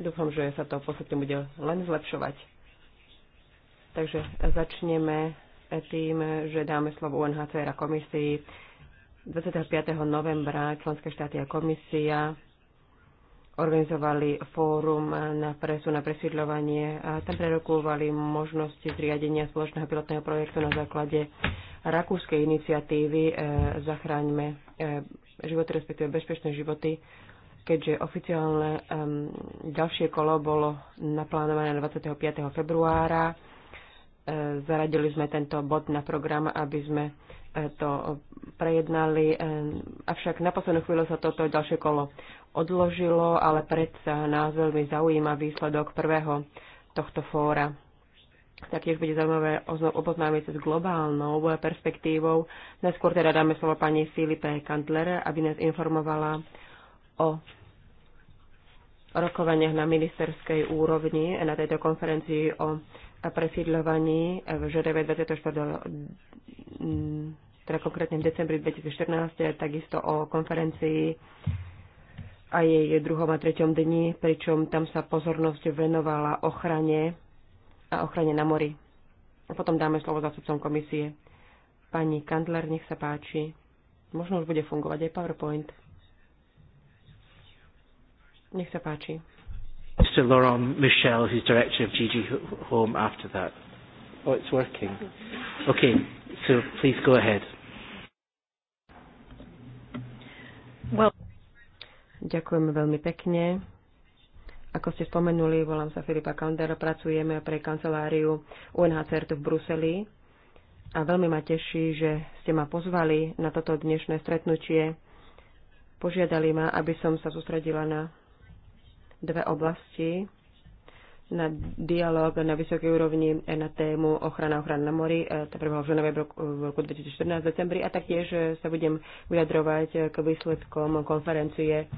Dúfam, že sa to postupne bude len zlepšovať. Takže začneme tým, že dáme slovo UNHCR a komisii. 25. novembra členské štáty a komisia organizovali fórum na presu na presídľovanie a tam prerokúvali možnosti zriadenia spoločného pilotného projektu na základe rakúskej iniciatívy e, Zachráňme e, životy, respektíve bezpečné životy keďže oficiálne um, ďalšie kolo bolo naplánované 25. februára. E, zaradili sme tento bod na program, aby sme e, to prejednali. E, avšak na poslednú chvíľu sa toto ďalšie kolo odložilo, ale predsa nás veľmi zaujíma výsledok prvého tohto fóra. Taktiež bude zaujímavé oboznámiť sa s globálnou perspektívou. Najskôr teda dáme slovo pani Filipe Kantler, aby nás informovala o rokovaniach na ministerskej úrovni na tejto konferencii o presídľovaní v Žereve 24. Mm, teda konkrétne v decembri 2014, takisto o konferencii a jej druhom a treťom dni, pričom tam sa pozornosť venovala ochrane a ochrane na mori. A potom dáme slovo zástupcom komisie. Pani Kandler, nech sa páči. Možno už bude fungovať aj PowerPoint. Nech sa páči. Mr. Laurent Michel, who's director of GG Home after that. Oh, it's working. Okay, so please go ahead. Well, Ďakujeme veľmi pekne. Ako ste spomenuli, volám sa Filipa Kander, pracujeme pre kanceláriu UNHCR tu v Bruseli a veľmi ma teší, že ste ma pozvali na toto dnešné stretnutie. Požiadali ma, aby som sa sústredila na dve oblasti na dialog na vysokej úrovni e, na tému ochrana ochrany na mori, e, tá prvá v ženové v roku 2014 v decembri a taktiež e, sa budem vyjadrovať k výsledkom konferencie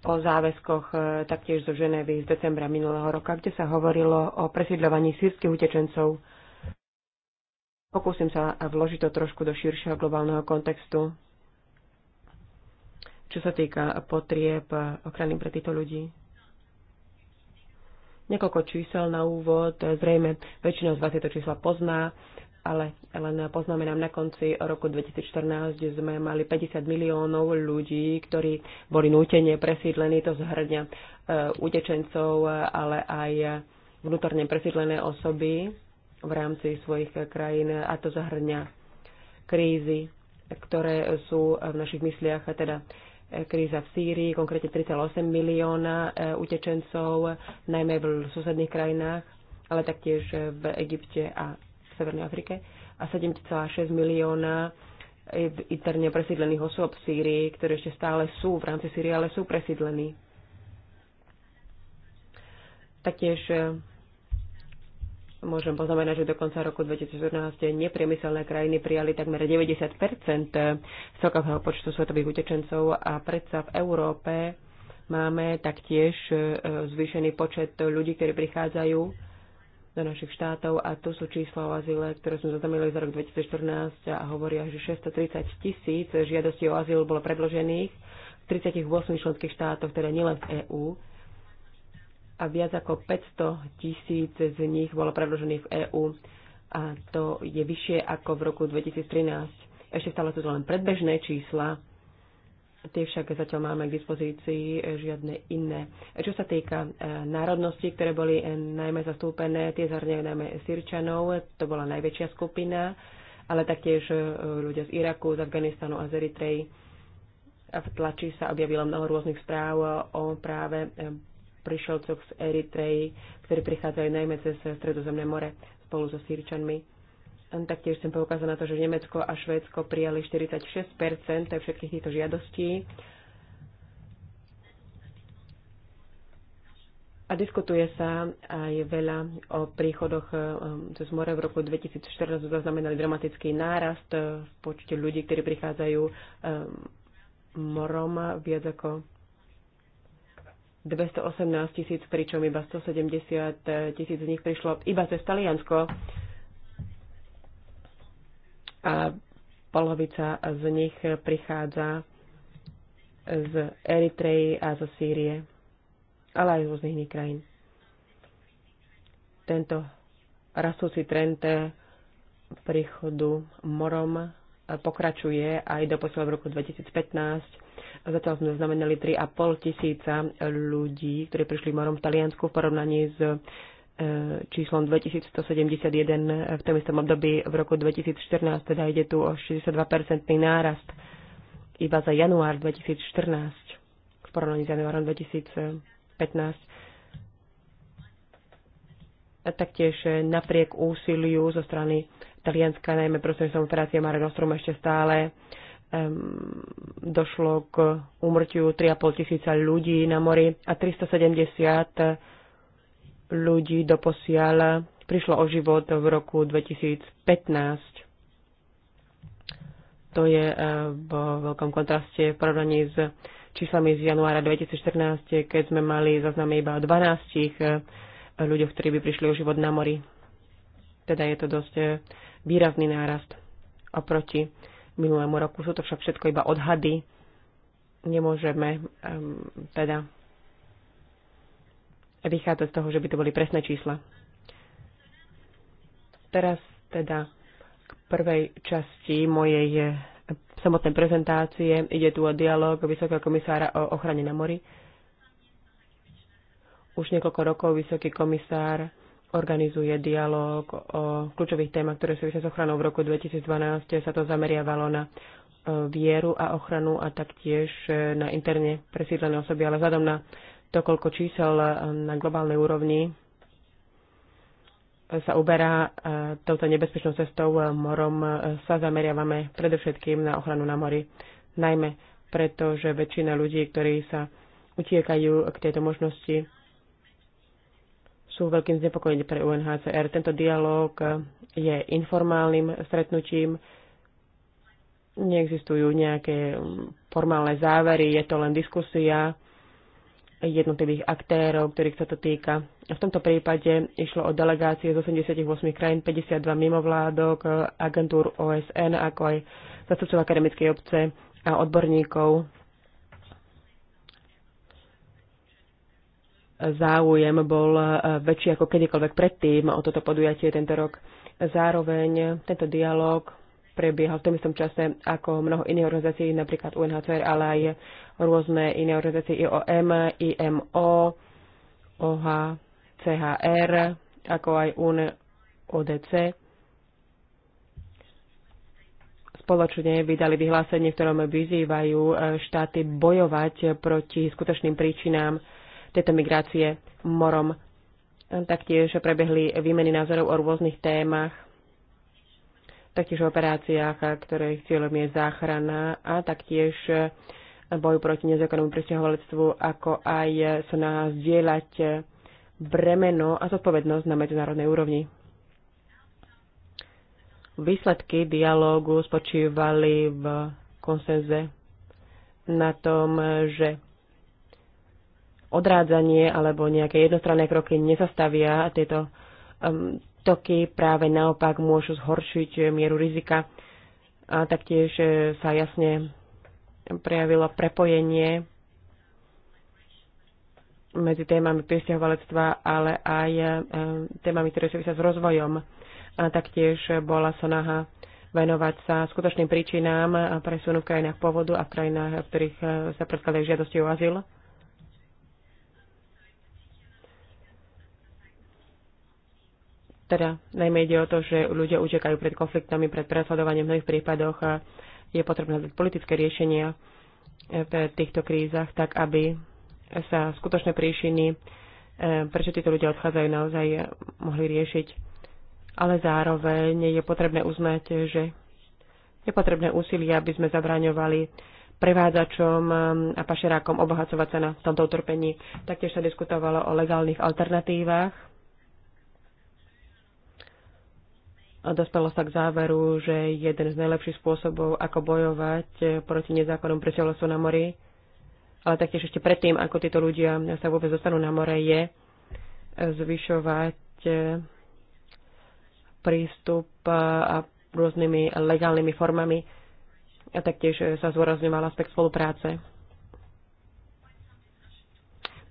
o záväzkoch taktiež zo Ženevy z decembra minulého roka, kde sa hovorilo o presídľovaní sírskych utečencov. Pokúsim sa vložiť to trošku do širšieho globálneho kontextu, čo sa týka potrieb ochrany pre týchto ľudí. Niekoľko čísel na úvod, zrejme väčšina z vás tieto čísla pozná, ale len poznamenám, na konci roku 2014 sme mali 50 miliónov ľudí, ktorí boli nútene presídlení, to zhrňa e, utečencov, ale aj vnútorne presídlené osoby v rámci svojich krajín a to zahrňa krízy, ktoré sú v našich mysliach, teda kríza v Sýrii, konkrétne 3,8 milióna e, utečencov, najmä v susedných krajinách, ale taktiež v Egypte a v Severnej Afrike a 7,6 milióna interne presídlených osôb v Sýrii, ktoré ešte stále sú v rámci Sýrie, ale sú presídlení. Taktiež e, Môžem poznamenať, že do konca roku 2014 nepriemyselné krajiny prijali takmer 90 celkového počtu svetových utečencov a predsa v Európe máme taktiež e, zvýšený počet ľudí, ktorí prichádzajú do našich štátov a tu sú čísla o azyle, ktoré sme zaznamenali za rok 2014 a hovoria, že 630 tisíc žiadostí o azyl bolo predložených v 38 členských štátoch, teda nielen v EÚ a viac ako 500 tisíc z nich bolo predložených v EÚ a to je vyššie ako v roku 2013. Ešte stále sú to len predbežné čísla, tie však zatiaľ máme k dispozícii žiadne iné. Čo sa týka e, národnosti, ktoré boli e, najmä zastúpené, tie zahrňajú najmä Sirčanov, to bola najväčšia skupina, ale taktiež e, ľudia z Iraku, z Afganistanu a z Eritreji. V tlači sa objavilo mnoho rôznych správ o práve prišielcoch z Eritreji, ktorí prichádzajú najmä cez Stredozemné more spolu so Sýrčanmi. Taktiež chcem poukázať na to, že Nemecko a Švédsko prijali 46 všetkých týchto žiadostí. A diskutuje sa aj veľa o príchodoch um, cez more. V roku 2014 zaznamenali dramatický nárast v počte ľudí, ktorí prichádzajú um, morom viac ako 218 tisíc, pričom iba 170 tisíc z nich prišlo iba cez Taliansko a polovica z nich prichádza z Eritreji a zo Sýrie, ale aj z rôznych iných krajín. Tento rastúci trend príchodu morom pokračuje aj do posledného roku 2015 Zatiaľ sme znamenali 3,5 tisíca ľudí, ktorí prišli morom v Taliansku v porovnaní s e, číslom 2171 v tom istom období v roku 2014, teda ide tu o 62-percentný nárast iba za január 2014 v porovnaní s januárom 2015. A taktiež e, napriek úsiliu zo strany Talianska, najmä prostredníctvom operácie Mare Nostrum ešte stále došlo k úmrtiu 3,5 tisíca ľudí na mori a 370 ľudí posiala prišlo o život v roku 2015. To je eh, v veľkom kontraste v porovnaní s číslami z januára 2014, keď sme mali zaznamy iba 12 eh, ľuďoch, ktorí by prišli o život na mori. Teda je to dosť eh, výrazný nárast oproti minulému roku. Sú to však všetko iba odhady. Nemôžeme um, teda vychádzať z toho, že by to boli presné čísla. Teraz teda k prvej časti mojej eh, samotnej prezentácie. Ide tu o dialog Vysokého komisára o ochrane na mori. Už niekoľko rokov Vysoký komisár organizuje dialog o kľúčových témach, ktoré súvisia s ochranou. V roku 2012 sa to zameriavalo na e, vieru a ochranu a taktiež e, na interne presídlené osoby, ale vzhľadom na to, koľko čísel e, na globálnej úrovni sa uberá touto nebezpečnou cestou morom, sa zameriavame predovšetkým na ochranu na mori. Najmä preto, že väčšina ľudí, ktorí sa utiekajú k tejto možnosti, sú veľkým znepokojením pre UNHCR. Tento dialog je informálnym stretnutím. Neexistujú nejaké formálne závery, je to len diskusia jednotlivých aktérov, ktorých sa to týka. V tomto prípade išlo o delegácie z 88 krajín, 52 mimovládok, agentúr OSN, ako aj zastupcov akademickej obce a odborníkov záujem bol e, väčší ako kedykoľvek predtým o toto podujatie tento rok. Zároveň tento dialog prebiehal v tom istom čase ako mnoho iných organizácií, napríklad UNHCR, ale aj rôzne iné organizácie IOM, IMO, OHCHR, ako aj UNODC. Spoločne vydali vyhlásenie, v ktorom vyzývajú e, štáty bojovať proti skutočným príčinám tejto migrácie morom. Taktiež prebehli výmeny názorov o rôznych témach, taktiež o operáciách, ktorých cieľom je záchrana a taktiež boju proti nezákonnému presťahovalectvu, ako aj nás dielať bremeno a zodpovednosť na medzinárodnej úrovni. Výsledky dialógu spočívali v konsenze na tom, že odrádzanie alebo nejaké jednostranné kroky nezastavia tieto um, toky, práve naopak môžu zhoršiť mieru rizika. A taktiež e, sa jasne prejavilo prepojenie medzi témami priesťahovalectva, ale aj e, témami, ktoré súvisia s rozvojom. A taktiež bola snaha venovať sa skutočným príčinám presunu v krajinách pôvodu a v krajinách, v ktorých e, sa predkladajú žiadosti o azyl Teda najmä ide o to, že ľudia utekajú pred konfliktami, pred presledovaním v mnohých prípadoch a je potrebné hľadať politické riešenia e, v týchto krízach, tak aby sa skutočné príšiny, e, prečo títo ľudia odchádzajú, naozaj mohli riešiť. Ale zároveň je potrebné uznať, že je potrebné úsilie, aby sme zabraňovali prevádzačom e, a pašerákom obohacovať sa na tomto utrpení. Taktiež sa diskutovalo o legálnych alternatívach dostalo sa k záveru, že jeden z najlepších spôsobov, ako bojovať eh, proti nezákonom presiaľovstvu na mori, ale taktiež ešte predtým, ako títo ľudia sa vôbec dostanú na more, je eh, zvyšovať eh, prístup a rôznymi legálnymi formami a taktiež sa zdôrazňoval aspekt spolupráce.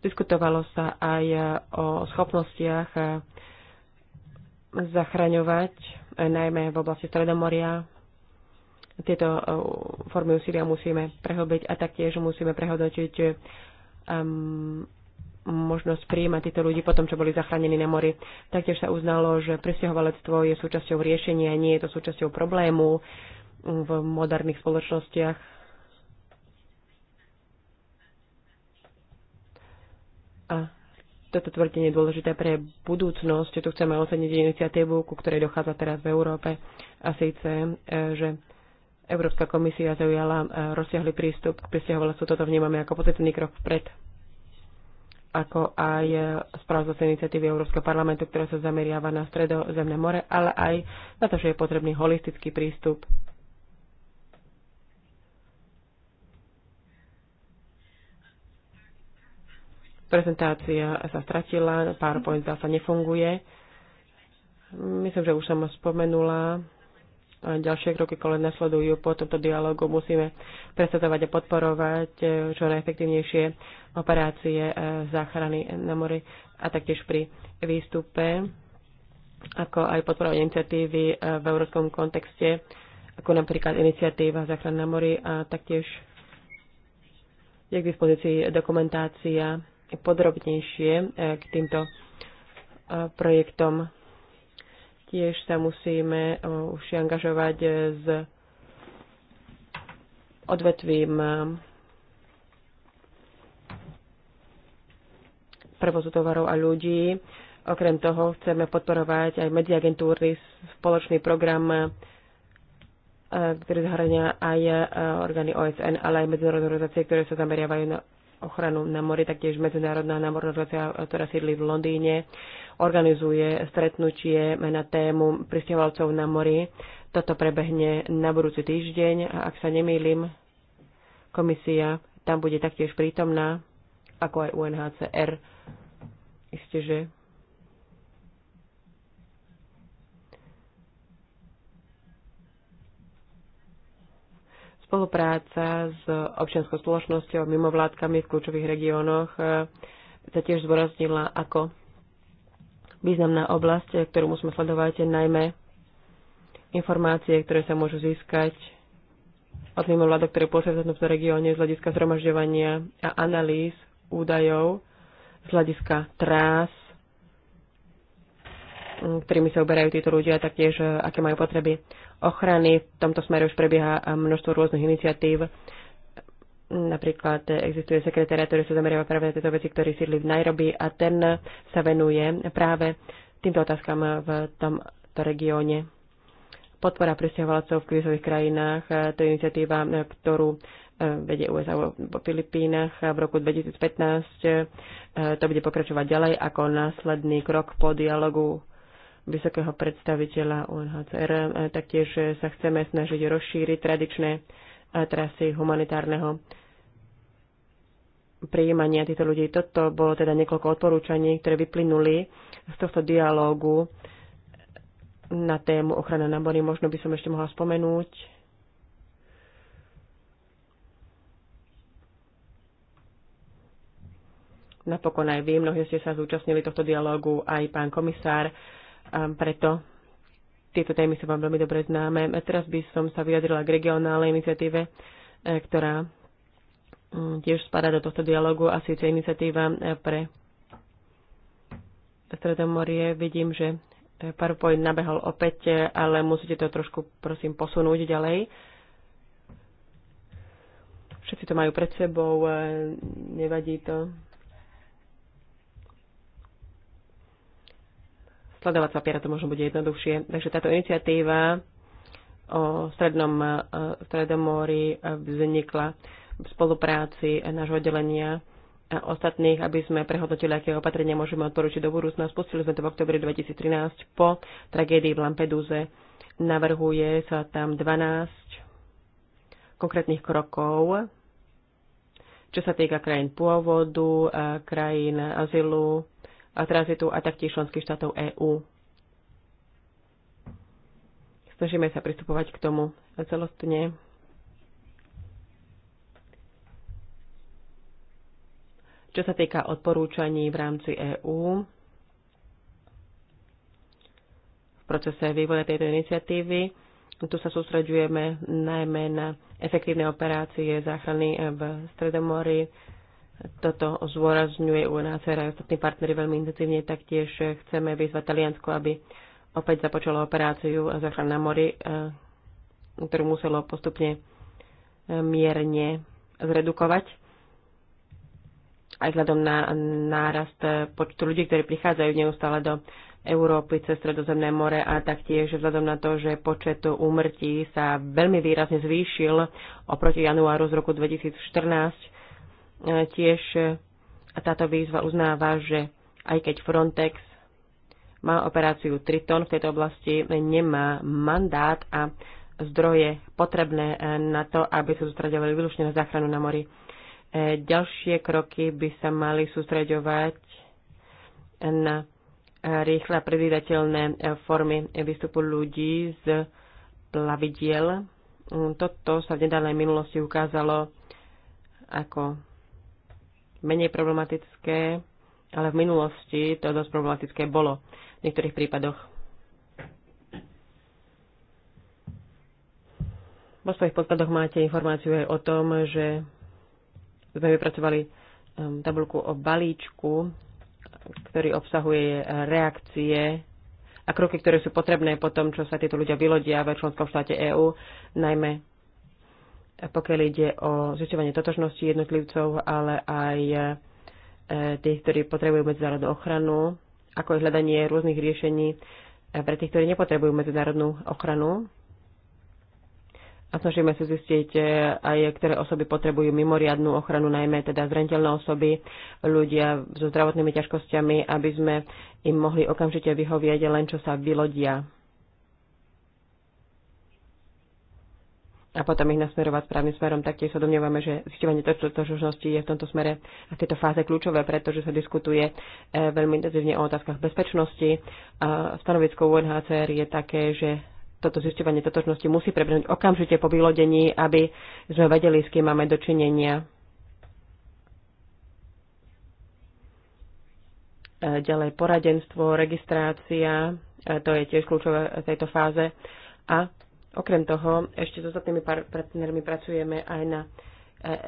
Diskutovalo sa aj o schopnostiach zachraňovať, eh, najmä v oblasti Stredomoria. Tieto eh, formy úsilia musíme prehobiť a taktiež musíme prehodnotiť um, možnosť príjmať týchto ľudí potom, čo boli zachránení na mori. Taktiež sa uznalo, že presťahovalectvo je súčasťou riešenia, nie je to súčasťou problému mm, v moderných spoločnostiach. A toto tvrdenie je dôležité pre budúcnosť. Tu chceme oceniť iniciatívu, ku ktorej dochádza teraz v Európe a síce, e, že Európska komisia zaujala e, rozsiahly prístup k presťahovalstvu. Toto vnímame ako pozitívny krok vpred ako aj e, správa iniciatívy Európskeho parlamentu, ktorá sa zameriava na stredozemné more, ale aj na to, že je potrebný holistický prístup Prezentácia sa stratila, PowerPoint zase nefunguje. Myslím, že už som spomenula. Ďalšie kroky, ktoré nasledujú po tomto dialogu, musíme presadzovať a podporovať e, čo najefektívnejšie operácie e, záchrany na mori a taktiež pri výstupe, ako aj podporovať iniciatívy e, v európskom kontexte, ako napríklad iniciatíva záchrany na mori a taktiež je k dispozícii dokumentácia podrobnejšie e, k týmto e, projektom. Tiež sa musíme e, už angažovať s odvetvím prevozu tovarov a ľudí. Okrem toho chceme podporovať aj medziagentúry, spoločný program, ktorý zahrania aj orgány OSN, ale aj medzinárodné organizácie, ktoré sa zameriavajú na ochranu na mori, taktiež Medzinárodná námorná organizácia, ktorá sídli v Londýne, organizuje stretnutie na tému pristahovalcov na mori. Toto prebehne na budúci týždeň a ak sa nemýlim, komisia tam bude taktiež prítomná, ako aj UNHCR. Isté, že Spolupráca s občianskou spoločnosťou, mimovládkami v kľúčových regiónoch e, sa tiež zvoraznila ako významná oblasť, ktorú musíme sledovať, najmä informácie, ktoré sa môžu získať od mimovládok, ktoré pôsobia v tomto regióne z hľadiska zhromažďovania a analýz údajov, z hľadiska trás, ktorými sa uberajú títo ľudia, taktiež e, aké majú potreby ochrany. V tomto smere už prebieha e, množstvo rôznych iniciatív. Napríklad existuje sekretária, ktorý sa zameriava práve na tieto veci, ktorý sídli v Nairobi a ten sa venuje práve týmto otázkam v tomto regióne. Podpora presťahovalcov v krizových krajinách, e, to je iniciatíva, ktorú vedie USA po Filipínach v roku 2015. To bude pokračovať ďalej ako následný krok po dialogu vysokého predstaviteľa UNHCR. E, taktiež e, sa chceme snažiť rozšíriť tradičné e, trasy humanitárneho prijímania týchto ľudí. Toto bolo teda niekoľko odporúčaní, ktoré vyplynuli z tohto dialógu na tému ochrana na mori. Možno by som ešte mohla spomenúť. Napokon aj vy, mnohí ste sa zúčastnili tohto dialógu, aj pán komisár. A preto tieto témy sú vám veľmi dobre známe. A teraz by som sa vyjadrila k regionálnej iniciatíve, e, ktorá mm, tiež spadá do tohto dialogu a síce iniciatíva e, pre Stredomorie. Vidím, že e, PowerPoint nabehol opäť, ale musíte to trošku, prosím, posunúť ďalej. Všetci to majú pred sebou, nevadí to. sledovať sa papiera, to možno bude jednoduchšie. Takže táto iniciatíva o Strednom, e, Stredomóri mori e, vznikla v spolupráci e, nášho oddelenia a ostatných, aby sme prehodnotili, aké opatrenia môžeme odporučiť do budúcna. Spustili sme to v oktobri 2013 po tragédii v Lampeduze. Navrhuje sa tam 12 konkrétnych krokov, čo sa týka krajín pôvodu, krajín azylu, a tranzitu a taktiež členských štátov EÚ. Snažíme sa pristupovať k tomu celostne. Čo sa týka odporúčaní v rámci EÚ, v procese vývoja tejto iniciatívy, tu sa sústreďujeme najmä na efektívne operácie záchrany v Stredomori, toto zôrazňuje nás aj ostatní partnery veľmi intenzívne. Taktiež chceme vyzvať Taliansko, aby opäť započalo operáciu záchranná na mori, e, ktorú muselo postupne e, mierne zredukovať. Aj vzhľadom na nárast počtu ľudí, ktorí prichádzajú neustále do Európy cez Stredozemné more a taktiež vzhľadom na to, že počet úmrtí sa veľmi výrazne zvýšil oproti januáru z roku 2014. E, tiež e, táto výzva uznáva, že aj keď Frontex má operáciu Triton v tejto oblasti, nemá mandát a zdroje potrebné e, na to, aby sa sústredovali výlučne na záchranu na mori. Ďalšie kroky by sa mali sústreďovať na rýchle a predvídateľné formy výstupu ľudí z plavidiel. Mm, toto sa v nedávnej minulosti ukázalo ako menej problematické, ale v minulosti to dosť problematické bolo v niektorých prípadoch. Vo svojich podkladoch máte informáciu aj o tom, že sme vypracovali um, tabulku o balíčku, ktorý obsahuje reakcie a kroky, ktoré sú potrebné po tom, čo sa títo ľudia vylodia v členskom štáte EÚ, najmä pokiaľ ide o zisťovanie totožnosti jednotlivcov, ale aj e, tých, ktorí potrebujú medzinárodnú ochranu, ako je hľadanie rôznych riešení e, pre tých, ktorí nepotrebujú medzinárodnú ochranu. A snažíme sa zistiť e, aj, ktoré osoby potrebujú mimoriadnú ochranu, najmä teda zraniteľné osoby, ľudia so zdravotnými ťažkosťami, aby sme im mohli okamžite vyhovieť len čo sa vylodia. a potom ich nasmerovať správnym smerom. tiež sa domnievame, že zistovanie totožnosti je v tomto smere a v tejto fáze kľúčové, pretože sa diskutuje e, veľmi intenzívne o otázkach bezpečnosti. A stanovisko UNHCR je také, že toto zistovanie totožnosti musí prebehnúť okamžite po vylodení, aby sme vedeli, s kým máme dočinenia. E, ďalej poradenstvo, registrácia, e, to je tiež kľúčové v tejto fáze. A Okrem toho, ešte s ostatnými partnermi pracujeme aj na e,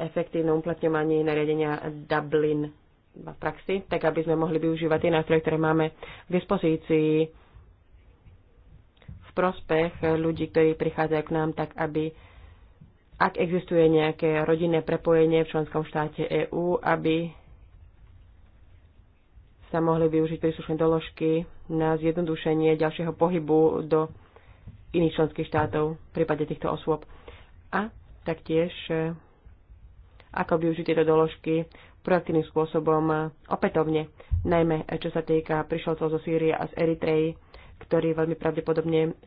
efektívnom uplatňovaní nariadenia Dublin v praxi, tak aby sme mohli využívať tie nástroje, ktoré máme k dispozícii v prospech ľudí, ktorí prichádzajú k nám, tak aby ak existuje nejaké rodinné prepojenie v členskom štáte EÚ, aby sa mohli využiť príslušné doložky na zjednodušenie ďalšieho pohybu do iných členských štátov v prípade týchto osôb. A taktiež, e, ako využiť tieto doložky proaktívnym spôsobom e, opätovne, najmä e, čo sa týka prišlovcov zo Sýrie a z Eritreji, ktorí veľmi pravdepodobne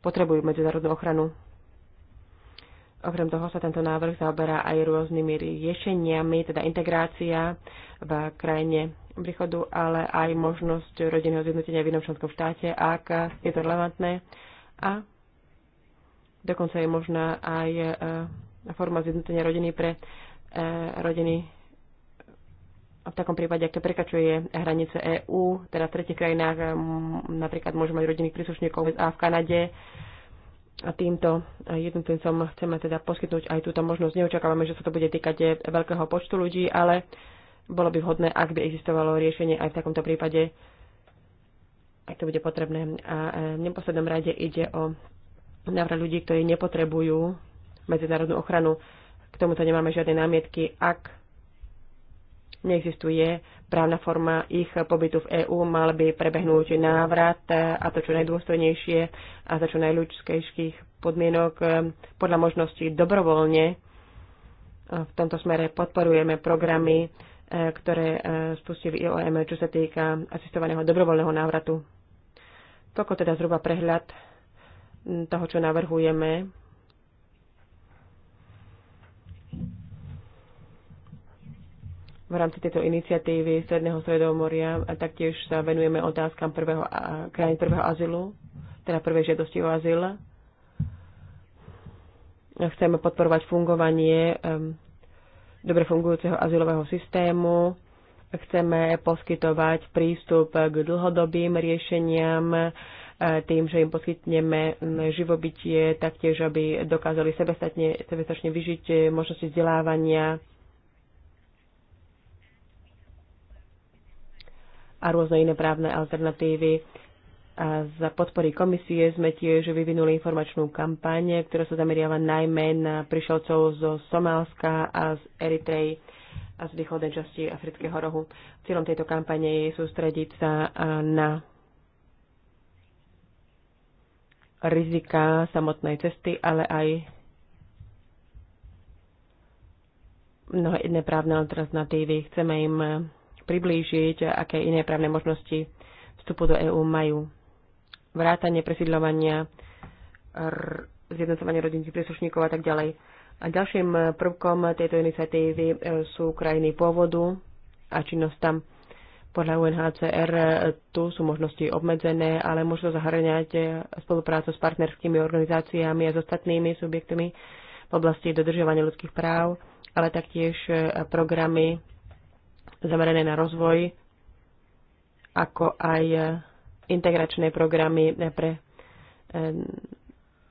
potrebujú medzinárodnú ochranu. Okrem toho sa tento návrh zaoberá aj rôznymi riešeniami, teda integrácia v krajine príchodu, ale aj možnosť rodinného zjednotenia v inom členskom štáte, ak je to relevantné. A dokonca je možná aj e, forma zjednotenia rodiny pre e, rodiny v takom prípade, ak to prekačuje hranice EÚ, teda v tretich krajinách e, napríklad môže mať rodinných príslušníkov a v Kanade. A týmto jednotlivcom chceme teda poskytnúť aj túto možnosť. Neočakávame, že sa to bude týkať veľkého počtu ľudí, ale bolo by vhodné, ak by existovalo riešenie aj v takomto prípade, ak to bude potrebné. A e, v neposlednom rade ide o návrat ľudí, ktorí nepotrebujú medzinárodnú ochranu. K tomuto nemáme žiadne námietky. Ak neexistuje právna forma ich pobytu v EÚ, mal by prebehnúť návrat e, a to čo najdôstojnejšie a za čo najľudskejších podmienok e, podľa možností dobrovoľne. V tomto smere podporujeme programy E, ktoré e, spustili IOM, čo sa týka asistovaného dobrovoľného návratu. Toľko teda zhruba prehľad toho, čo navrhujeme. V rámci tejto iniciatívy Stredného stredomoria a taktiež sa venujeme otázkam prvého, krajín prvého azylu, teda prvej žiadosti o azyl. Chceme podporovať fungovanie um, dobre fungujúceho azylového systému. Chceme poskytovať prístup k dlhodobým riešeniam e, tým, že im poskytneme živobytie, taktiež, aby dokázali sebestačne, sebestačne vyžiť možnosti vzdelávania a rôzne iné právne alternatívy a za podpory komisie sme tiež vyvinuli informačnú kampaň, ktorá sa zameriava najmä na prišelcov zo Somálska a z Eritrej a z východnej časti Afrického rohu. Cieľom tejto kampane je sústrediť sa na rizika samotnej cesty, ale aj mnohé iné právne alternatívy. Chceme im priblížiť, aké iné právne možnosti vstupu do EÚ majú vrátanie presídľovania, zjednocovanie rodinných príslušníkov a tak ďalej. A ďalším prvkom tejto iniciatívy e, sú krajiny pôvodu a činnosť tam. Podľa UNHCR e, tu sú možnosti obmedzené, ale môžu zahrňať e, spoluprácu s partnerskými organizáciami a s ostatnými subjektmi v oblasti dodržovania ľudských práv, ale taktiež programy zamerané na rozvoj, ako aj integračné programy pre eh,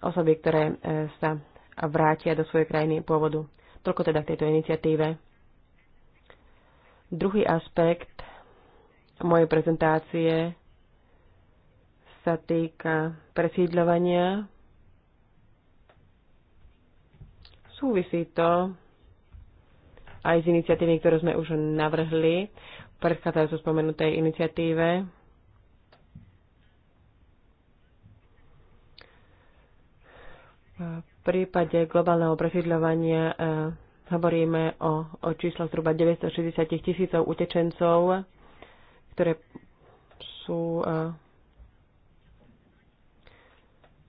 osoby, ktoré eh, sa vrátia do svojej krajiny pôvodu. Toľko teda k tejto iniciatíve. Druhý aspekt mojej prezentácie sa týka presídľovania. Súvisí to aj s iniciatívami, ktoré sme už navrhli v predchádzajúco spomenutej iniciatíve V prípade globálneho presídľovania eh, hovoríme o, o číslo zhruba 960 tisícov utečencov, ktoré sú eh,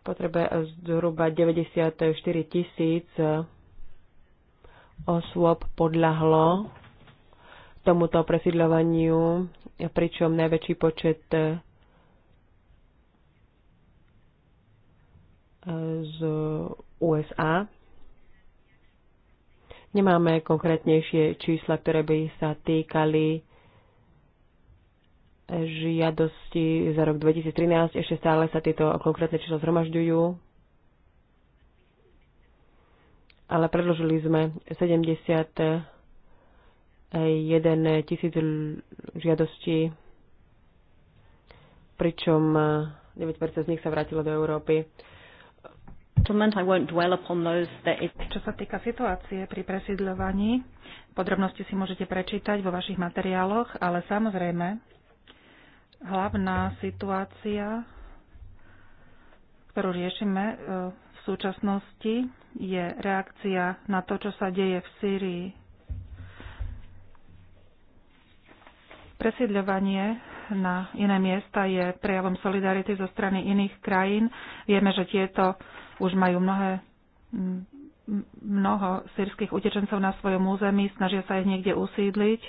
potrebe zhruba 94 tisíc eh, osôb podľahlo tomuto presídľovaniu, pričom najväčší počet z USA. Nemáme konkrétnejšie čísla, ktoré by sa týkali žiadosti za rok 2013. Ešte stále sa tieto konkrétne čísla zhromažďujú. Ale predložili sme 71 tisíc žiadostí, pričom 9% z nich sa vrátilo do Európy. Čo sa týka situácie pri presídľovaní, podrobnosti si môžete prečítať vo vašich materiáloch, ale samozrejme hlavná situácia, ktorú riešime e, v súčasnosti, je reakcia na to, čo sa deje v Sýrii. Presídľovanie na iné miesta je prejavom solidarity zo strany iných krajín. Vieme, že tieto už majú mnohé, mnoho sírskych utečencov na svojom území, snažia sa ich niekde usídliť.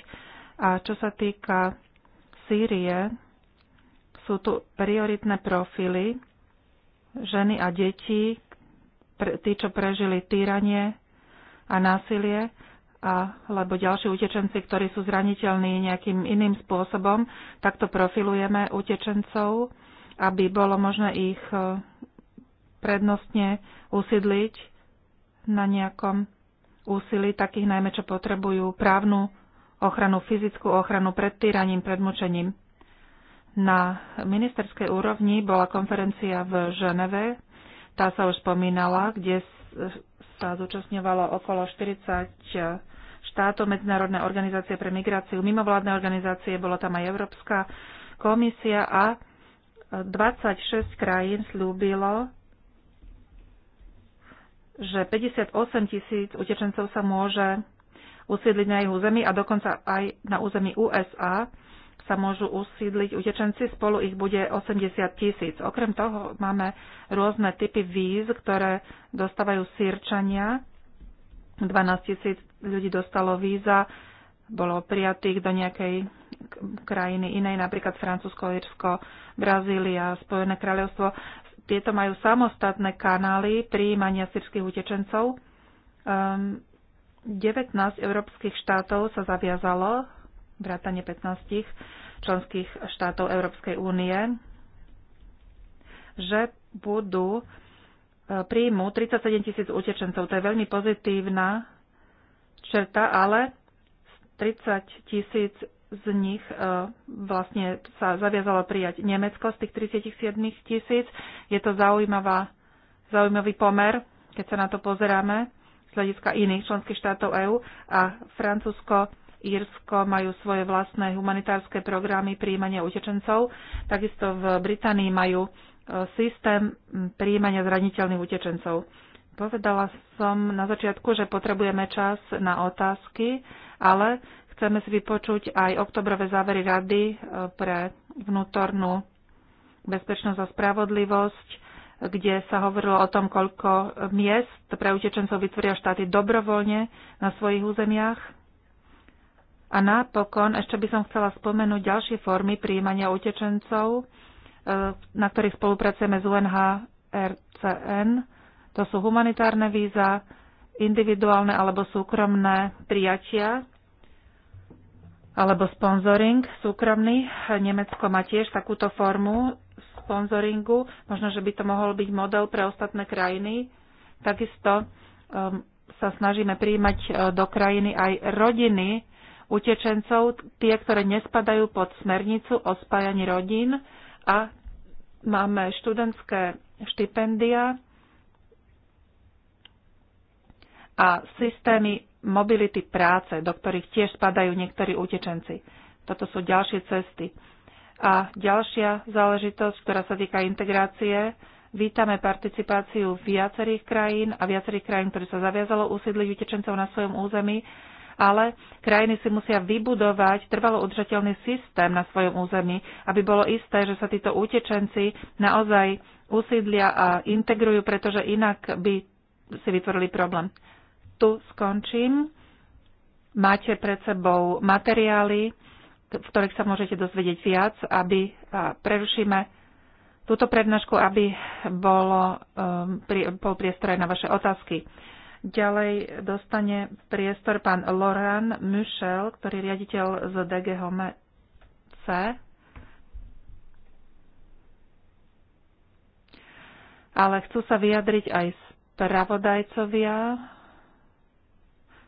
A čo sa týka Sýrie, sú tu prioritné profily, ženy a deti, tí, čo prežili týranie a násilie, alebo ďalší utečenci, ktorí sú zraniteľní nejakým iným spôsobom, takto profilujeme utečencov, aby bolo možné ich prednostne usídliť na nejakom úsilí takých najmä, čo potrebujú právnu ochranu, fyzickú ochranu pred týraním, pred mučením. Na ministerskej úrovni bola konferencia v Ženeve, tá sa už spomínala, kde sa zúčastňovalo okolo 40 štátov, medzinárodné organizácie pre migráciu, mimovládne organizácie, bola tam aj Európska komisia a 26 krajín slúbilo že 58 tisíc utečencov sa môže usídliť na ich území a dokonca aj na území USA sa môžu usídliť utečenci, spolu ich bude 80 tisíc. Okrem toho máme rôzne typy víz, ktoré dostávajú sírčania. 12 tisíc ľudí dostalo víza, bolo prijatých do nejakej krajiny inej, napríklad Francúzsko, Irsko, Brazília, Spojené kráľovstvo tieto majú samostatné kanály prijímania sírskych utečencov. 19 ehm, európskych štátov sa zaviazalo, vrátane 15 členských štátov Európskej únie, že budú e, príjmu 37 tisíc utečencov. To je veľmi pozitívna črta, ale 30 tisíc z nich e, vlastne sa zaviazalo prijať Nemecko z tých 37 tisíc. Je to zaujímavá, zaujímavý pomer, keď sa na to pozeráme z hľadiska iných členských štátov EÚ a Francúzsko, Írsko majú svoje vlastné humanitárske programy príjmania utečencov. Takisto v Británii majú e, systém príjmania zraniteľných utečencov. Povedala som na začiatku, že potrebujeme čas na otázky, ale Chceme si vypočuť aj oktobrové závery Rady e, pre vnútornú bezpečnosť a spravodlivosť, kde sa hovorilo o tom, koľko miest pre utečencov vytvoria štáty dobrovoľne na svojich územiach. A napokon ešte by som chcela spomenúť ďalšie formy príjmania utečencov, e, na ktorých spolupracujeme s UNHRCN. To sú humanitárne víza, individuálne alebo súkromné prijatia alebo sponzoring súkromný. Nemecko má tiež takúto formu sponzoringu. Možno, že by to mohol byť model pre ostatné krajiny. Takisto um, sa snažíme príjmať uh, do krajiny aj rodiny utečencov, tie, ktoré nespadajú pod smernicu o spájaní rodín a máme študentské štipendia a systémy mobility práce, do ktorých tiež spadajú niektorí utečenci. Toto sú ďalšie cesty. A ďalšia záležitosť, ktorá sa týka integrácie, vítame participáciu viacerých krajín a viacerých krajín, ktoré sa zaviazalo usídliť utečencov na svojom území, ale krajiny si musia vybudovať trvalo udržateľný systém na svojom území, aby bolo isté, že sa títo utečenci naozaj usídlia a integrujú, pretože inak by si vytvorili problém tu skončím. Máte pred sebou materiály, v ktorých sa môžete dozvedieť viac, aby prerušíme túto prednášku, aby bolo, um, pri, bol priestor aj na vaše otázky. Ďalej dostane priestor pán Loran Michel, ktorý je riaditeľ z DG Home C. Ale chcú sa vyjadriť aj spravodajcovia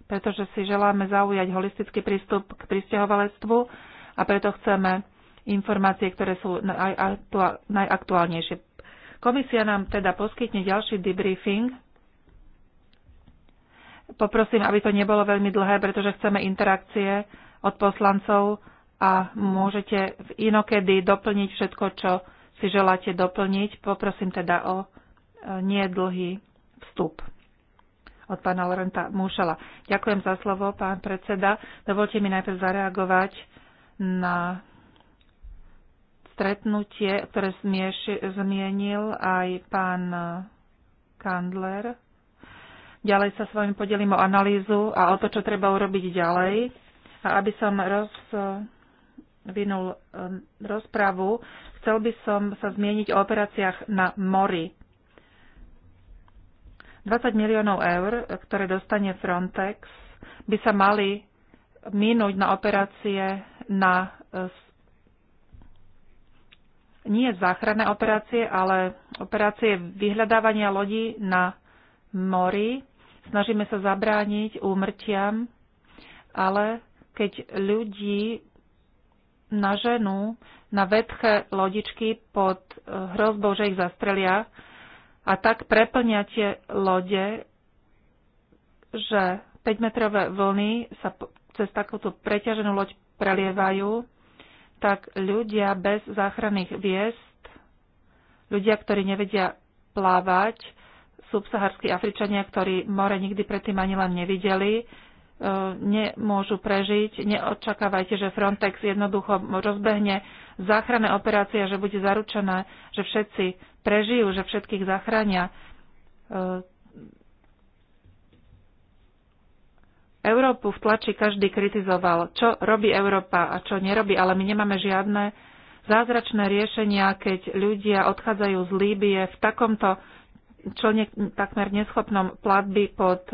pretože si želáme zaujať holistický prístup k pristahovalectvu a preto chceme informácie, ktoré sú najaktuálnejšie. Komisia nám teda poskytne ďalší debriefing. Poprosím, aby to nebolo veľmi dlhé, pretože chceme interakcie od poslancov a môžete v inokedy doplniť všetko, čo si želáte doplniť. Poprosím teda o e, nie dlhý vstup od pána Lorenta Múšala. Ďakujem za slovo, pán predseda. Dovolte mi najprv zareagovať na stretnutie, ktoré zmieš, zmienil aj pán Kandler. Ďalej sa s vami podelím o analýzu a o to, čo treba urobiť ďalej. A aby som rozvinul ehm, rozpravu, chcel by som sa zmieniť o operáciách na mori. 20 miliónov eur, ktoré dostane Frontex, by sa mali minúť na operácie na e, nie záchranné operácie, ale operácie vyhľadávania lodí na mori. Snažíme sa zabrániť úmrtiam, ale keď ľudí na ženu, na vetché lodičky pod e, hrozbou, že ich zastrelia, a tak preplňate lode, že 5-metrové vlny sa cez takúto preťaženú loď prelievajú, tak ľudia bez záchranných viest, ľudia, ktorí nevedia plávať, subsaharskí Afričania, ktorí more nikdy predtým ani len nevideli, e, nemôžu prežiť. Neočakávajte, že Frontex jednoducho rozbehne záchranné operácie, že bude zaručené, že všetci prežijú, že všetkých zachránia. E, Európu v tlači každý kritizoval, čo robí Európa a čo nerobí, ale my nemáme žiadne zázračné riešenia, keď ľudia odchádzajú z Líbie v takomto čo ne, takmer neschopnom platby pod,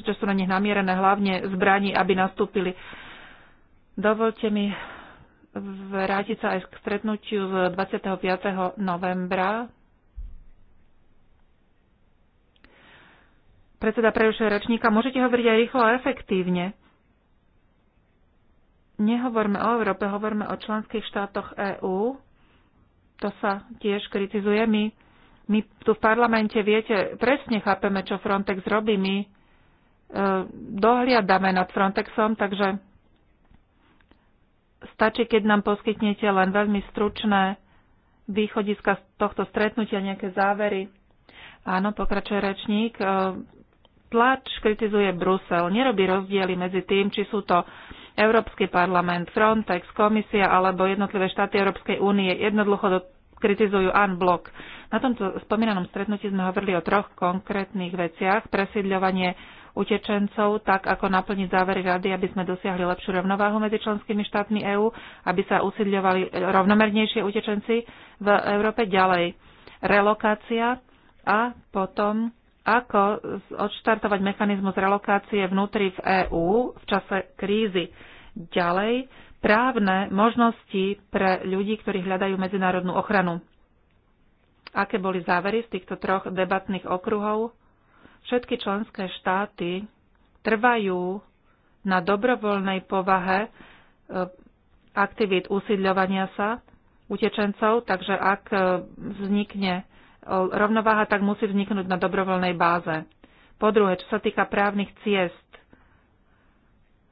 čo sú na nich namierené hlavne zbraní, aby nastúpili. Dovolte mi vrátiť sa aj k stretnutiu z 25. novembra. Predseda prerušuje rečníka. Môžete hovoriť aj rýchlo a efektívne. Nehovorme o Európe, hovorme o členských štátoch EÚ. To sa tiež kritizuje. My, my tu v parlamente, viete, presne chápeme, čo Frontex robí. My e, dohliadame nad Frontexom, takže stačí, keď nám poskytnete len veľmi stručné východiska z tohto stretnutia, nejaké závery. Áno, pokračuje rečník. E, Tlač kritizuje Brusel. Nerobí rozdiely medzi tým, či sú to Európsky parlament, Frontex, komisia alebo jednotlivé štáty Európskej únie. Jednoducho kritizujú unblock. Na tomto spomínanom stretnutí sme hovorili o troch konkrétnych veciach. Presídľovanie utečencov, tak ako naplniť závery rady, aby sme dosiahli lepšiu rovnováhu medzi členskými štátmi EÚ, aby sa usidľovali rovnomernejšie utečenci v Európe ďalej. Relokácia a potom ako odštartovať mechanizmus relokácie vnútri v EÚ v čase krízy. Ďalej, právne možnosti pre ľudí, ktorí hľadajú medzinárodnú ochranu. Aké boli závery z týchto troch debatných okruhov? všetky členské štáty trvajú na dobrovoľnej povahe e, aktivít usídľovania sa utečencov, takže ak e, vznikne e, rovnováha, tak musí vzniknúť na dobrovoľnej báze. Po druhé, čo sa týka právnych ciest,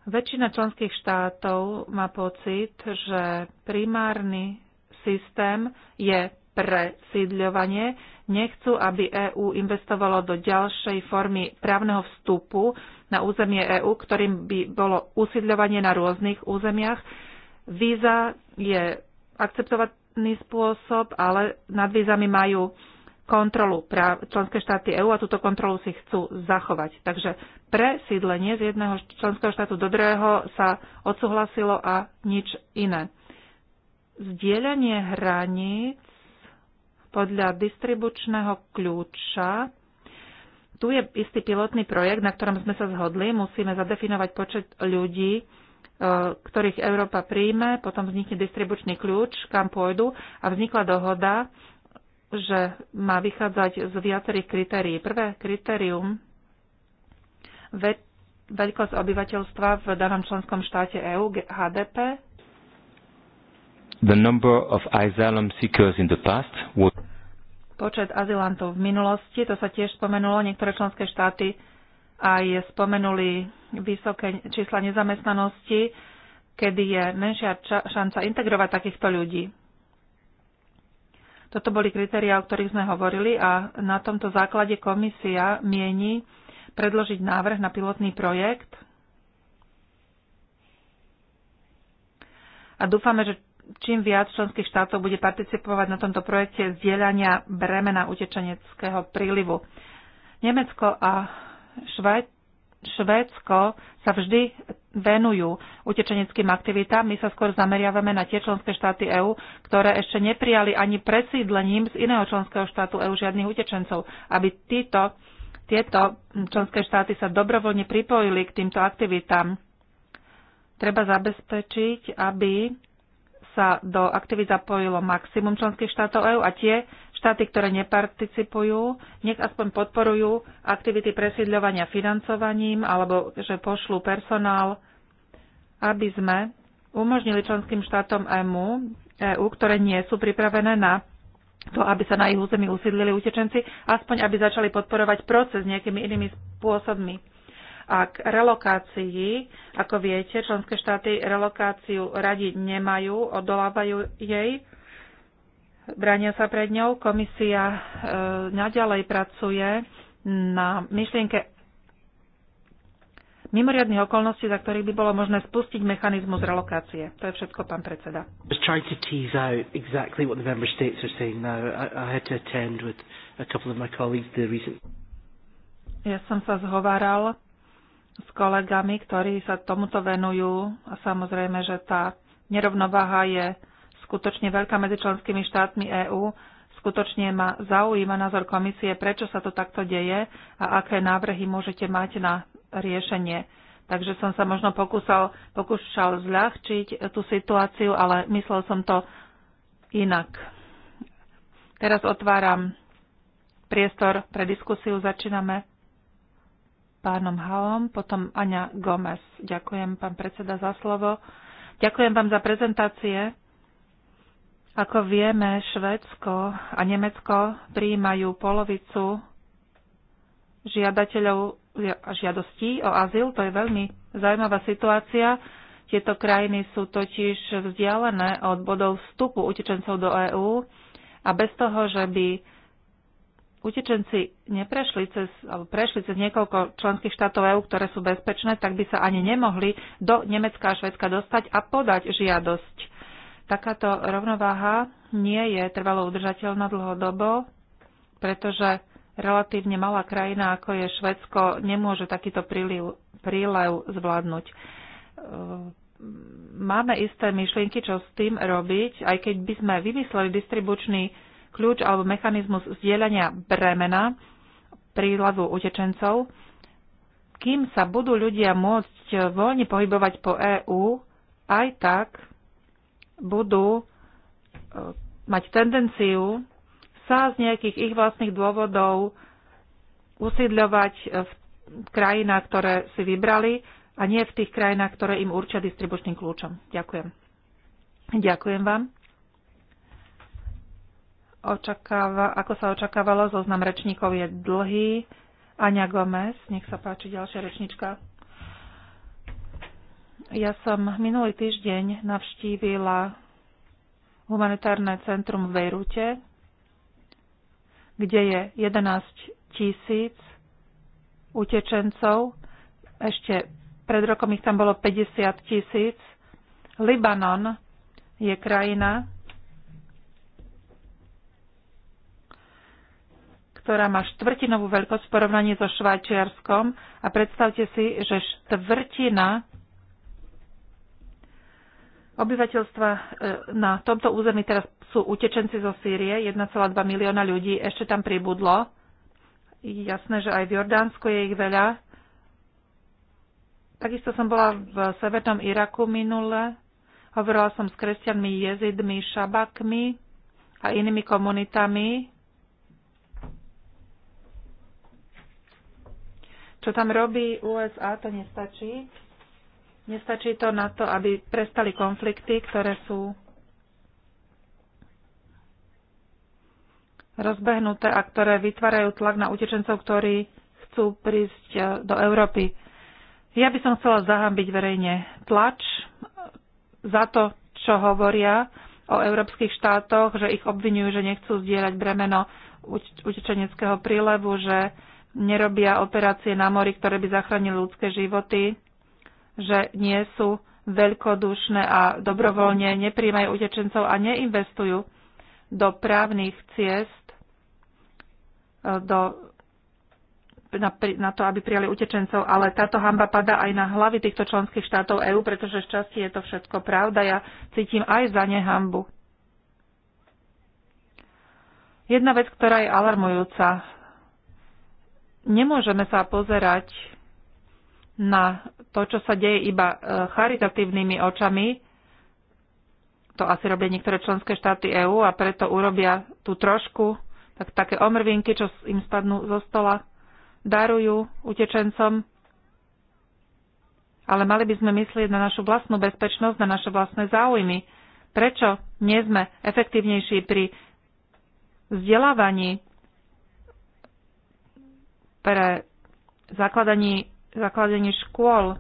väčšina členských štátov má pocit, že primárny systém je presídľovanie, nechcú, aby EÚ investovalo do ďalšej formy právneho vstupu na územie EÚ, ktorým by bolo usidľovanie na rôznych územiach. Víza je akceptovaný spôsob, ale nad vízami majú kontrolu práv, členské štáty EÚ a túto kontrolu si chcú zachovať. Takže presídlenie z jedného členského štátu do druhého sa odsúhlasilo a nič iné. Zdieľanie hraníc podľa distribučného kľúča. Tu je istý pilotný projekt, na ktorom sme sa zhodli. Musíme zadefinovať počet ľudí, e, ktorých Európa príjme, potom vznikne distribučný kľúč, kam pôjdu a vznikla dohoda, že má vychádzať z viacerých kritérií. Prvé kritérium veľkosť obyvateľstva v danom členskom štáte EU, HDP, the number of asylum seekers in the past was Počet azylantov v minulosti, to sa tiež spomenulo, niektoré členské štáty aj spomenuli vysoké čísla nezamestnanosti, kedy je menšia šanca integrovať takýchto ľudí. Toto boli kritériá, o ktorých sme hovorili a na tomto základe komisia mieni predložiť návrh na pilotný projekt. A dúfame, že čím viac členských štátov bude participovať na tomto projekte zdieľania bremena utečeneckého prílivu. Nemecko a Švajc Švédsko sa vždy venujú utečeneckým aktivitám. My sa skôr zameriavame na tie členské štáty EÚ, ktoré ešte neprijali ani presídlením z iného členského štátu EÚ žiadnych utečencov, aby títo, tieto členské štáty sa dobrovoľne pripojili k týmto aktivitám. Treba zabezpečiť, aby sa do aktivít zapojilo maximum členských štátov EÚ a tie štáty, ktoré neparticipujú, nech aspoň podporujú aktivity presídľovania financovaním alebo že pošlú personál, aby sme umožnili členským štátom EMU, EÚ, ktoré nie sú pripravené na to, aby sa na ich území usídlili utečenci, aspoň aby začali podporovať proces nejakými inými spôsobmi a k relokácii. Ako viete, členské štáty relokáciu radi nemajú, odolávajú jej, bránia sa pred ňou. Komisia e, naďalej pracuje na myšlienke mimoriadných okolností, za ktorých by bolo možné spustiť mechanizmus relokácie. To je všetko, pán predseda. Ja som sa zhováral s kolegami, ktorí sa tomuto venujú a samozrejme, že tá nerovnováha je skutočne veľká medzi členskými štátmi EÚ. Skutočne ma zaujíma názor komisie, prečo sa to takto deje a aké návrhy môžete mať na riešenie. Takže som sa možno pokúsal, pokúšal zľahčiť tú situáciu, ale myslel som to inak. Teraz otváram priestor pre diskusiu. Začíname pánom Halom, potom Aňa Gomez. Ďakujem, pán predseda, za slovo. Ďakujem vám za prezentácie. Ako vieme, Švédsko a Nemecko prijímajú polovicu žiadateľov žiadostí o azyl. To je veľmi zaujímavá situácia. Tieto krajiny sú totiž vzdialené od bodov vstupu utečencov do EÚ a bez toho, že by utečenci neprešli cez, alebo prešli cez niekoľko členských štátov EÚ, ktoré sú bezpečné, tak by sa ani nemohli do Nemecka a Švedska dostať a podať žiadosť. Takáto rovnováha nie je trvalo udržateľná dlhodobo, pretože relatívne malá krajina, ako je Švedsko, nemôže takýto príliv, prílev zvládnuť. Máme isté myšlienky, čo s tým robiť, aj keď by sme vymysleli distribučný kľúč alebo mechanizmus zdieľania bremena prílavu utečencov, kým sa budú ľudia môcť voľne pohybovať po EÚ, aj tak budú e, mať tendenciu sa z nejakých ich vlastných dôvodov usídľovať v krajinách, ktoré si vybrali a nie v tých krajinách, ktoré im určia distribučným kľúčom. Ďakujem. Ďakujem vám očakáva, ako sa očakávalo, zoznam rečníkov je dlhý. Aňa Gomez, nech sa páči ďalšia rečnička. Ja som minulý týždeň navštívila humanitárne centrum v Bejrute, kde je 11 tisíc utečencov. Ešte pred rokom ich tam bolo 50 tisíc. Libanon je krajina, ktorá má štvrtinovú veľkosť v porovnaní so Švajčiarskom a predstavte si, že štvrtina obyvateľstva e, na tomto území teraz sú utečenci zo Sýrie, 1,2 milióna ľudí, ešte tam pribudlo. Jasné, že aj v Jordánsku je ich veľa. Takisto som bola v severnom Iraku minule. Hovorila som s kresťanmi, jezidmi, šabakmi a inými komunitami, Čo tam robí USA, to nestačí. Nestačí to na to, aby prestali konflikty, ktoré sú rozbehnuté a ktoré vytvárajú tlak na utečencov, ktorí chcú prísť eh, do Európy. Ja by som chcela zahambiť verejne tlač za to, čo hovoria o európskych štátoch, že ich obvinujú, že nechcú zdieľať bremeno utečeneckého prílevu, že nerobia operácie na mori, ktoré by zachránili ľudské životy, že nie sú veľkodušné a dobrovoľne nepríjmajú utečencov a neinvestujú do právnych ciest, e, do, na, na to, aby prijali utečencov, ale táto hamba padá aj na hlavy týchto členských štátov EÚ, pretože z časti je to všetko pravda. Ja cítim aj za ne hambu. Jedna vec, ktorá je alarmujúca nemôžeme sa pozerať na to, čo sa deje iba e, charitatívnymi očami. To asi robia niektoré členské štáty EÚ a preto urobia tú trošku, tak také omrvinky, čo im spadnú zo stola, darujú utečencom. Ale mali by sme myslieť na našu vlastnú bezpečnosť, na naše vlastné záujmy. Prečo nie sme efektívnejší pri vzdelávaní pre zakladanie, zakladanie škôl.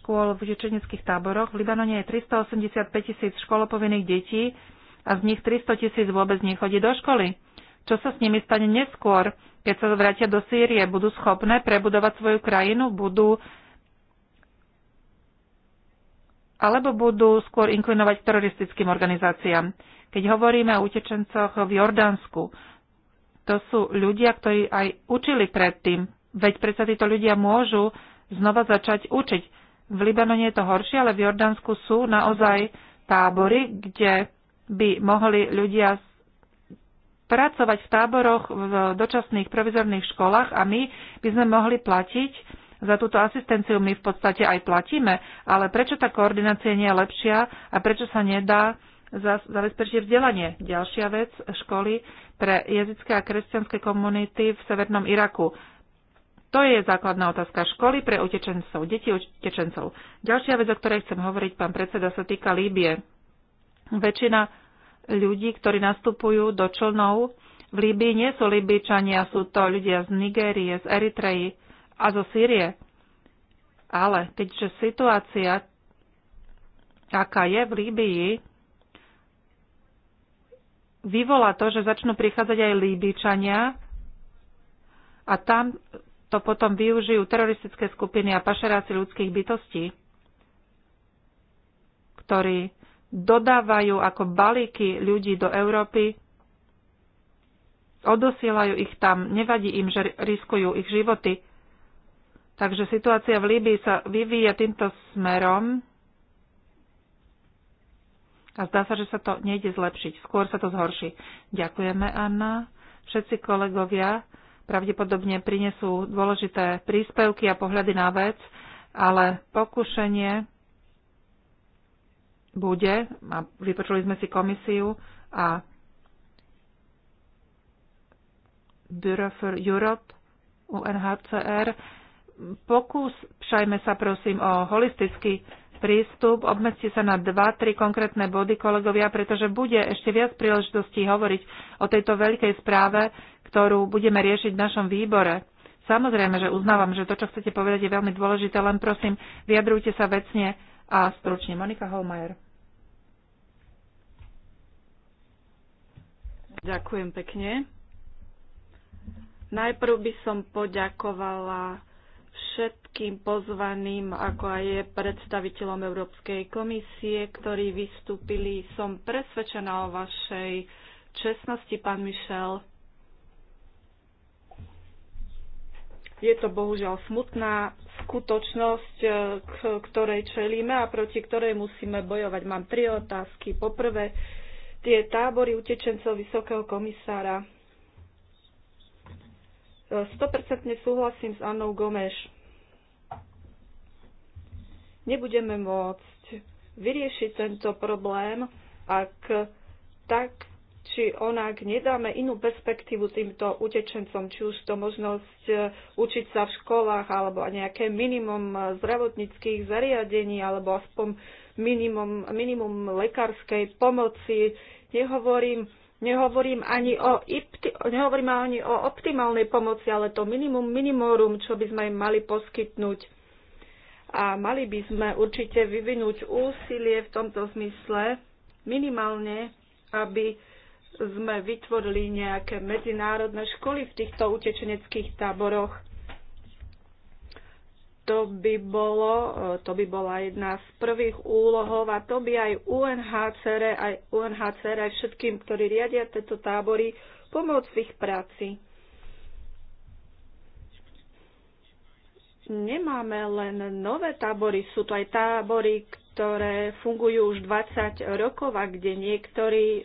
Škôl v žičeneckých táboroch. V Libanone je 385 tisíc školopovinných detí a z nich 300 tisíc vôbec nechodí do školy. Čo sa s nimi stane neskôr, keď sa vrátia do Sýrie? Budú schopné prebudovať svoju krajinu? Budú alebo budú skôr inklinovať k teroristickým organizáciám. Keď hovoríme o utečencoch v Jordánsku, to sú ľudia, ktorí aj učili predtým. Veď predsa títo ľudia môžu znova začať učiť. V Libanone je to horšie, ale v Jordánsku sú naozaj tábory, kde by mohli ľudia pracovať v táboroch, v dočasných provizorných školách a my by sme mohli platiť za túto asistenciu my v podstate aj platíme, ale prečo tá koordinácia nie je lepšia a prečo sa nedá zabezpečiť vzdelanie? Ďalšia vec, školy pre jazycké a kresťanské komunity v severnom Iraku. To je základná otázka školy pre utečencov, deti utečencov. Ďalšia vec, o ktorej chcem hovoriť, pán predseda, sa týka Líbie. Väčšina ľudí, ktorí nastupujú do člnov v Líbii, nie sú Líbičania, sú to ľudia z Nigérie, z Eritreji, a zo Sýrie. Ale keďže situácia, aká je v Líbii, vyvolá to, že začnú prichádzať aj Líbičania a tam to potom využijú teroristické skupiny a pašeráci ľudských bytostí, ktorí dodávajú ako balíky ľudí do Európy, odosielajú ich tam, nevadí im, že riskujú ich životy. Takže situácia v Líbii sa vyvíja týmto smerom a zdá sa, že sa to nejde zlepšiť. Skôr sa to zhorší. Ďakujeme, Anna. Všetci kolegovia pravdepodobne prinesú dôležité príspevky a pohľady na vec, ale pokušenie bude, a vypočuli sme si komisiu a Bureau for Europe, UNHCR, pokúšajme sa prosím o holistický prístup, obmedzte sa na dva, tri konkrétne body, kolegovia, pretože bude ešte viac príležitostí hovoriť o tejto veľkej správe, ktorú budeme riešiť v našom výbore. Samozrejme, že uznávam, že to, čo chcete povedať, je veľmi dôležité, len prosím, vyjadrujte sa vecne a stručne. Monika Holmajer. Ďakujem pekne. Najprv by som poďakovala všetkým pozvaným, ako aj predstaviteľom Európskej komisie, ktorí vystúpili. Som presvedčená o vašej čestnosti, pán Mišel. Je to bohužiaľ smutná skutočnosť, k ktorej čelíme a proti ktorej musíme bojovať. Mám tri otázky. Poprvé, tie tábory utečencov Vysokého komisára. 100% súhlasím s Annou Gomeš nebudeme môcť vyriešiť tento problém, ak tak či onak nedáme inú perspektívu týmto utečencom, či už to možnosť e, učiť sa v školách, alebo nejaké minimum e, zdravotníckých zariadení, alebo aspoň minimum, minimum lekárskej pomoci. Nehovorím, nehovorím, ani o, nehovorím ani o optimálnej pomoci, ale to minimum minimorum, čo by sme im mali poskytnúť a mali by sme určite vyvinúť úsilie v tomto zmysle, minimálne, aby sme vytvorili nejaké medzinárodné školy v týchto utečeneckých táboroch. To by, bolo, e, to by bola jedna z prvých úlohov a to by aj UNHCR, aj UNHCR, aj všetkým, ktorí riadia tieto tábory, pomôcť v ich práci. nemáme len nové tábory, sú to aj tábory, ktoré fungujú už 20 rokov a kde niektorí e,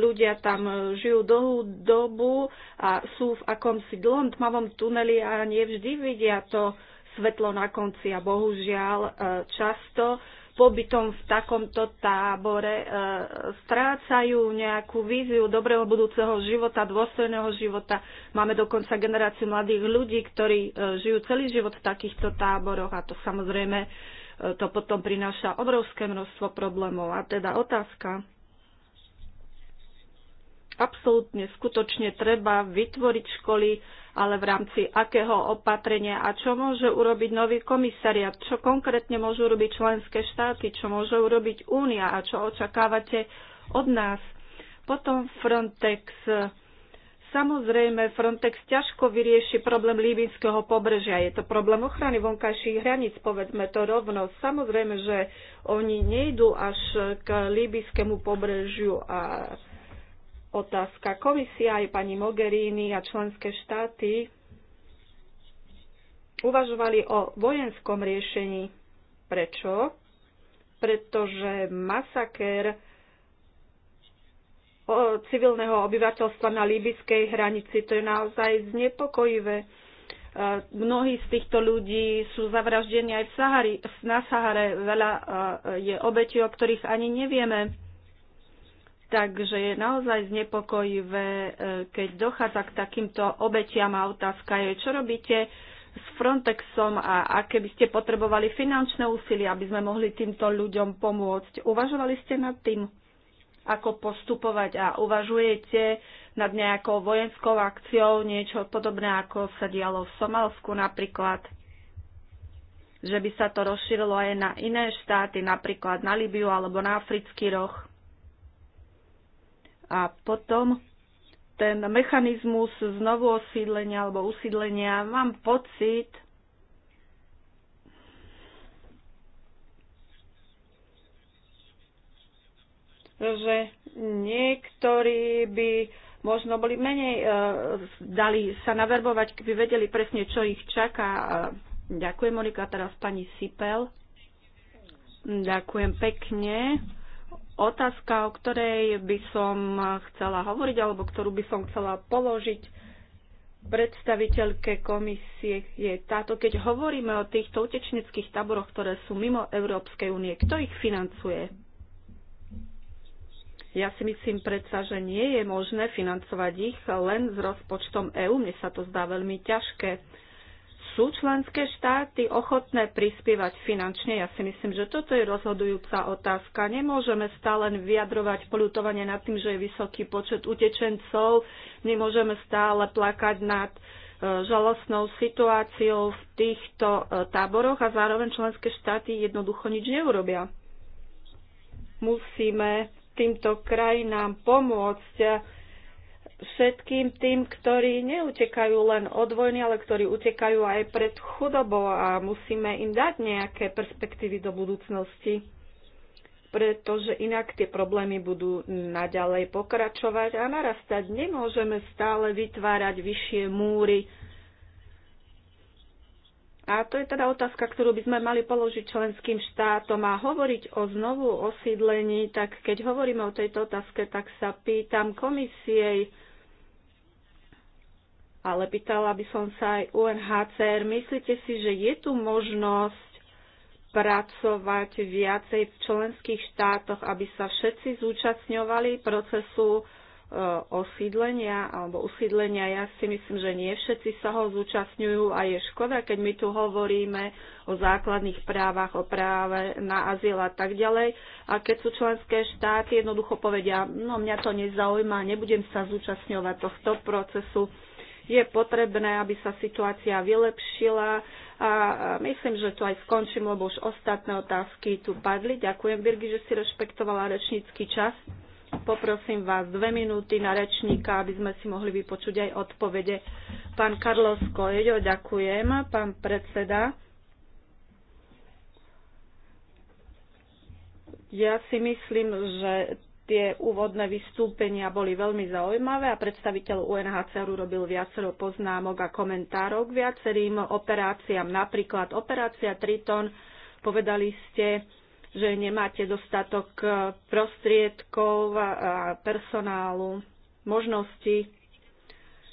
ľudia tam žijú dlhú dobu a sú v akomsi dlhom tmavom tuneli a nevždy vidia to svetlo na konci a bohužiaľ e, často pobytom v takomto tábore e, strácajú nejakú víziu dobrého budúceho života, dôstojného života. Máme dokonca generáciu mladých ľudí, ktorí e, žijú celý život v takýchto táboroch a to samozrejme e, to potom prináša obrovské množstvo problémov. A teda otázka. Absolútne, skutočne treba vytvoriť školy, ale v rámci akého opatrenia a čo môže urobiť nový komisariat, čo konkrétne môžu robiť členské štáty, čo môže urobiť Únia a čo očakávate od nás. Potom Frontex. Samozrejme, Frontex ťažko vyrieši problém líbinského pobrežia. Je to problém ochrany vonkajších hraníc, povedzme to rovno. Samozrejme, že oni nejdú až k líbyskému pobrežiu a otázka. Komisia aj pani Mogherini a členské štáty uvažovali o vojenskom riešení. Prečo? Pretože masaker civilného obyvateľstva na líbyskej hranici, to je naozaj znepokojivé. E, mnohí z týchto ľudí sú zavraždení aj v Sahari, na Sahare. Veľa e, je obetí, o ktorých ani nevieme Takže je naozaj znepokojivé, e, keď dochádza k takýmto obetiam a otázka je, čo robíte s Frontexom a aké by ste potrebovali finančné úsilie, aby sme mohli týmto ľuďom pomôcť. Uvažovali ste nad tým, ako postupovať a uvažujete nad nejakou vojenskou akciou, niečo podobné, ako sa dialo v Somalsku napríklad, že by sa to rozšírilo aj na iné štáty, napríklad na Libiu alebo na Africký roh. A potom ten mechanizmus znovu osídlenia alebo usídlenia, mám pocit, že niektorí by možno boli menej, e, dali sa naverbovať, keby vedeli presne, čo ich čaká. Ďakujem, Monika, teraz pani Sipel. Ďakujem pekne otázka, o ktorej by som chcela hovoriť alebo ktorú by som chcela položiť predstaviteľke komisie je táto, keď hovoríme o týchto utečneckých taboroch, ktoré sú mimo Európskej únie, kto ich financuje? Ja si myslím predsa, že nie je možné financovať ich len s rozpočtom EÚ. Mne sa to zdá veľmi ťažké sú členské štáty ochotné prispievať finančne? Ja si myslím, že toto je rozhodujúca otázka. Nemôžeme stále vyjadrovať polutovanie nad tým, že je vysoký počet utečencov. Nemôžeme stále plakať nad e, žalostnou situáciou v týchto e, táboroch a zároveň členské štáty jednoducho nič neurobia. Musíme týmto krajinám pomôcť všetkým tým, ktorí neutekajú len od vojny, ale ktorí utekajú aj pred chudobou a musíme im dať nejaké perspektívy do budúcnosti, pretože inak tie problémy budú naďalej pokračovať a narastať. Nemôžeme stále vytvárať vyššie múry. A to je teda otázka, ktorú by sme mali položiť členským štátom a hovoriť o znovu osídlení, tak keď hovoríme o tejto otázke, tak sa pýtam komisiej, ale pýtala by som sa aj UNHCR, myslíte si, že je tu možnosť pracovať viacej v členských štátoch, aby sa všetci zúčastňovali procesu e, osídlenia alebo usídlenia. Ja si myslím, že nie všetci sa ho zúčastňujú a je škoda, keď my tu hovoríme o základných právach, o práve na azyl a tak ďalej. A keď sú členské štáty, jednoducho povedia, no mňa to nezaujíma, nebudem sa zúčastňovať tohto procesu je potrebné, aby sa situácia vylepšila a myslím, že to aj skončím, lebo už ostatné otázky tu padli. Ďakujem, Birgi, že si rešpektovala rečnícky čas. Poprosím vás dve minúty na rečníka, aby sme si mohli vypočuť aj odpovede. Pán Carlos Coelho, ďakujem, pán predseda. Ja si myslím, že Tie úvodné vystúpenia boli veľmi zaujímavé a predstaviteľ UNHCR urobil viacero poznámok a komentárov k viacerým operáciám. Napríklad operácia Triton, povedali ste, že nemáte dostatok eh, prostriedkov a personálu, možností.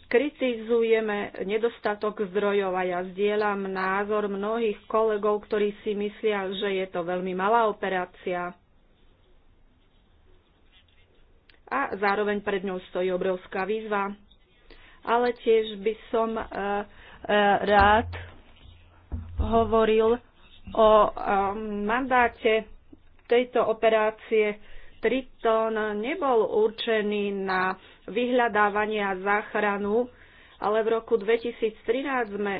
Kritizujeme nedostatok zdrojov a ja zdieľam názor mnohých kolegov, ktorí si myslia, že je to veľmi malá operácia. a zároveň pred ňou stojí obrovská výzva. Ale tiež by som e, e, rád hovoril o e, mandáte tejto operácie Triton nebol určený na vyhľadávanie a záchranu, ale v roku 2013 sme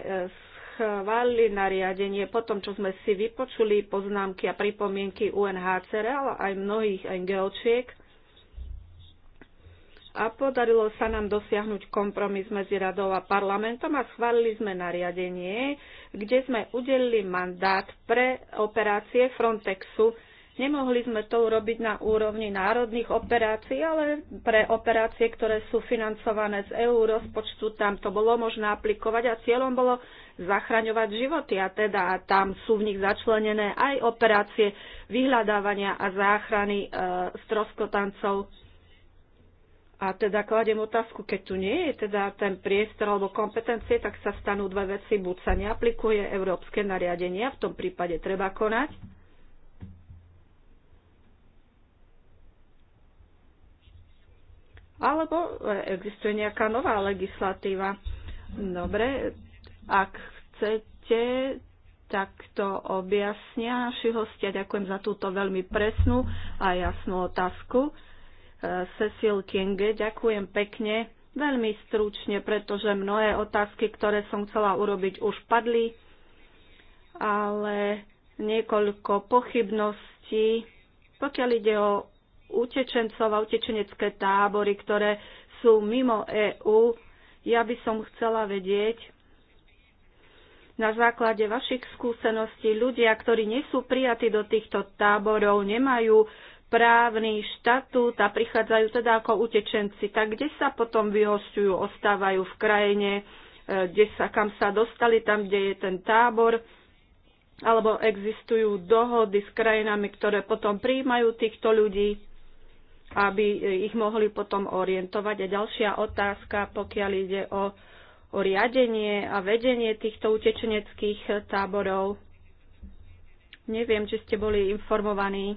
schválili nariadenie po tom, čo sme si vypočuli poznámky a pripomienky UNHCR, ale aj mnohých NGOčiek a podarilo sa nám dosiahnuť kompromis medzi radou a parlamentom a schválili sme nariadenie, kde sme udelili mandát pre operácie Frontexu. Nemohli sme to urobiť na úrovni národných operácií, ale pre operácie, ktoré sú financované z EU rozpočtu, tam to bolo možné aplikovať a cieľom bolo zachraňovať životy a teda tam sú v nich začlenené aj operácie vyhľadávania a záchrany e, stroskotancov a teda kladem otázku, keď tu nie je teda ten priestor alebo kompetencie, tak sa stanú dve veci. Buď sa neaplikuje európske nariadenie, v tom prípade treba konať. Alebo e, existuje nejaká nová legislatíva. Dobre, ak chcete, tak to objasnia naši hostia. Ďakujem za túto veľmi presnú a jasnú otázku. Cecil Kinge. Ďakujem pekne, veľmi stručne, pretože mnohé otázky, ktoré som chcela urobiť, už padli, ale niekoľko pochybností, pokiaľ ide o utečencov a utečenecké tábory, ktoré sú mimo EÚ. Ja by som chcela vedieť, na základe vašich skúseností ľudia, ktorí nie sú prijatí do týchto táborov, nemajú právny štatút a prichádzajú teda ako utečenci, tak kde sa potom vyhostujú, ostávajú v krajine, e, kde sa, kam sa dostali, tam, kde je ten tábor, alebo existujú dohody s krajinami, ktoré potom príjmajú týchto ľudí, aby e, ich mohli potom orientovať. A ďalšia otázka, pokiaľ ide o, o riadenie a vedenie týchto utečeneckých táborov. Neviem, či ste boli informovaní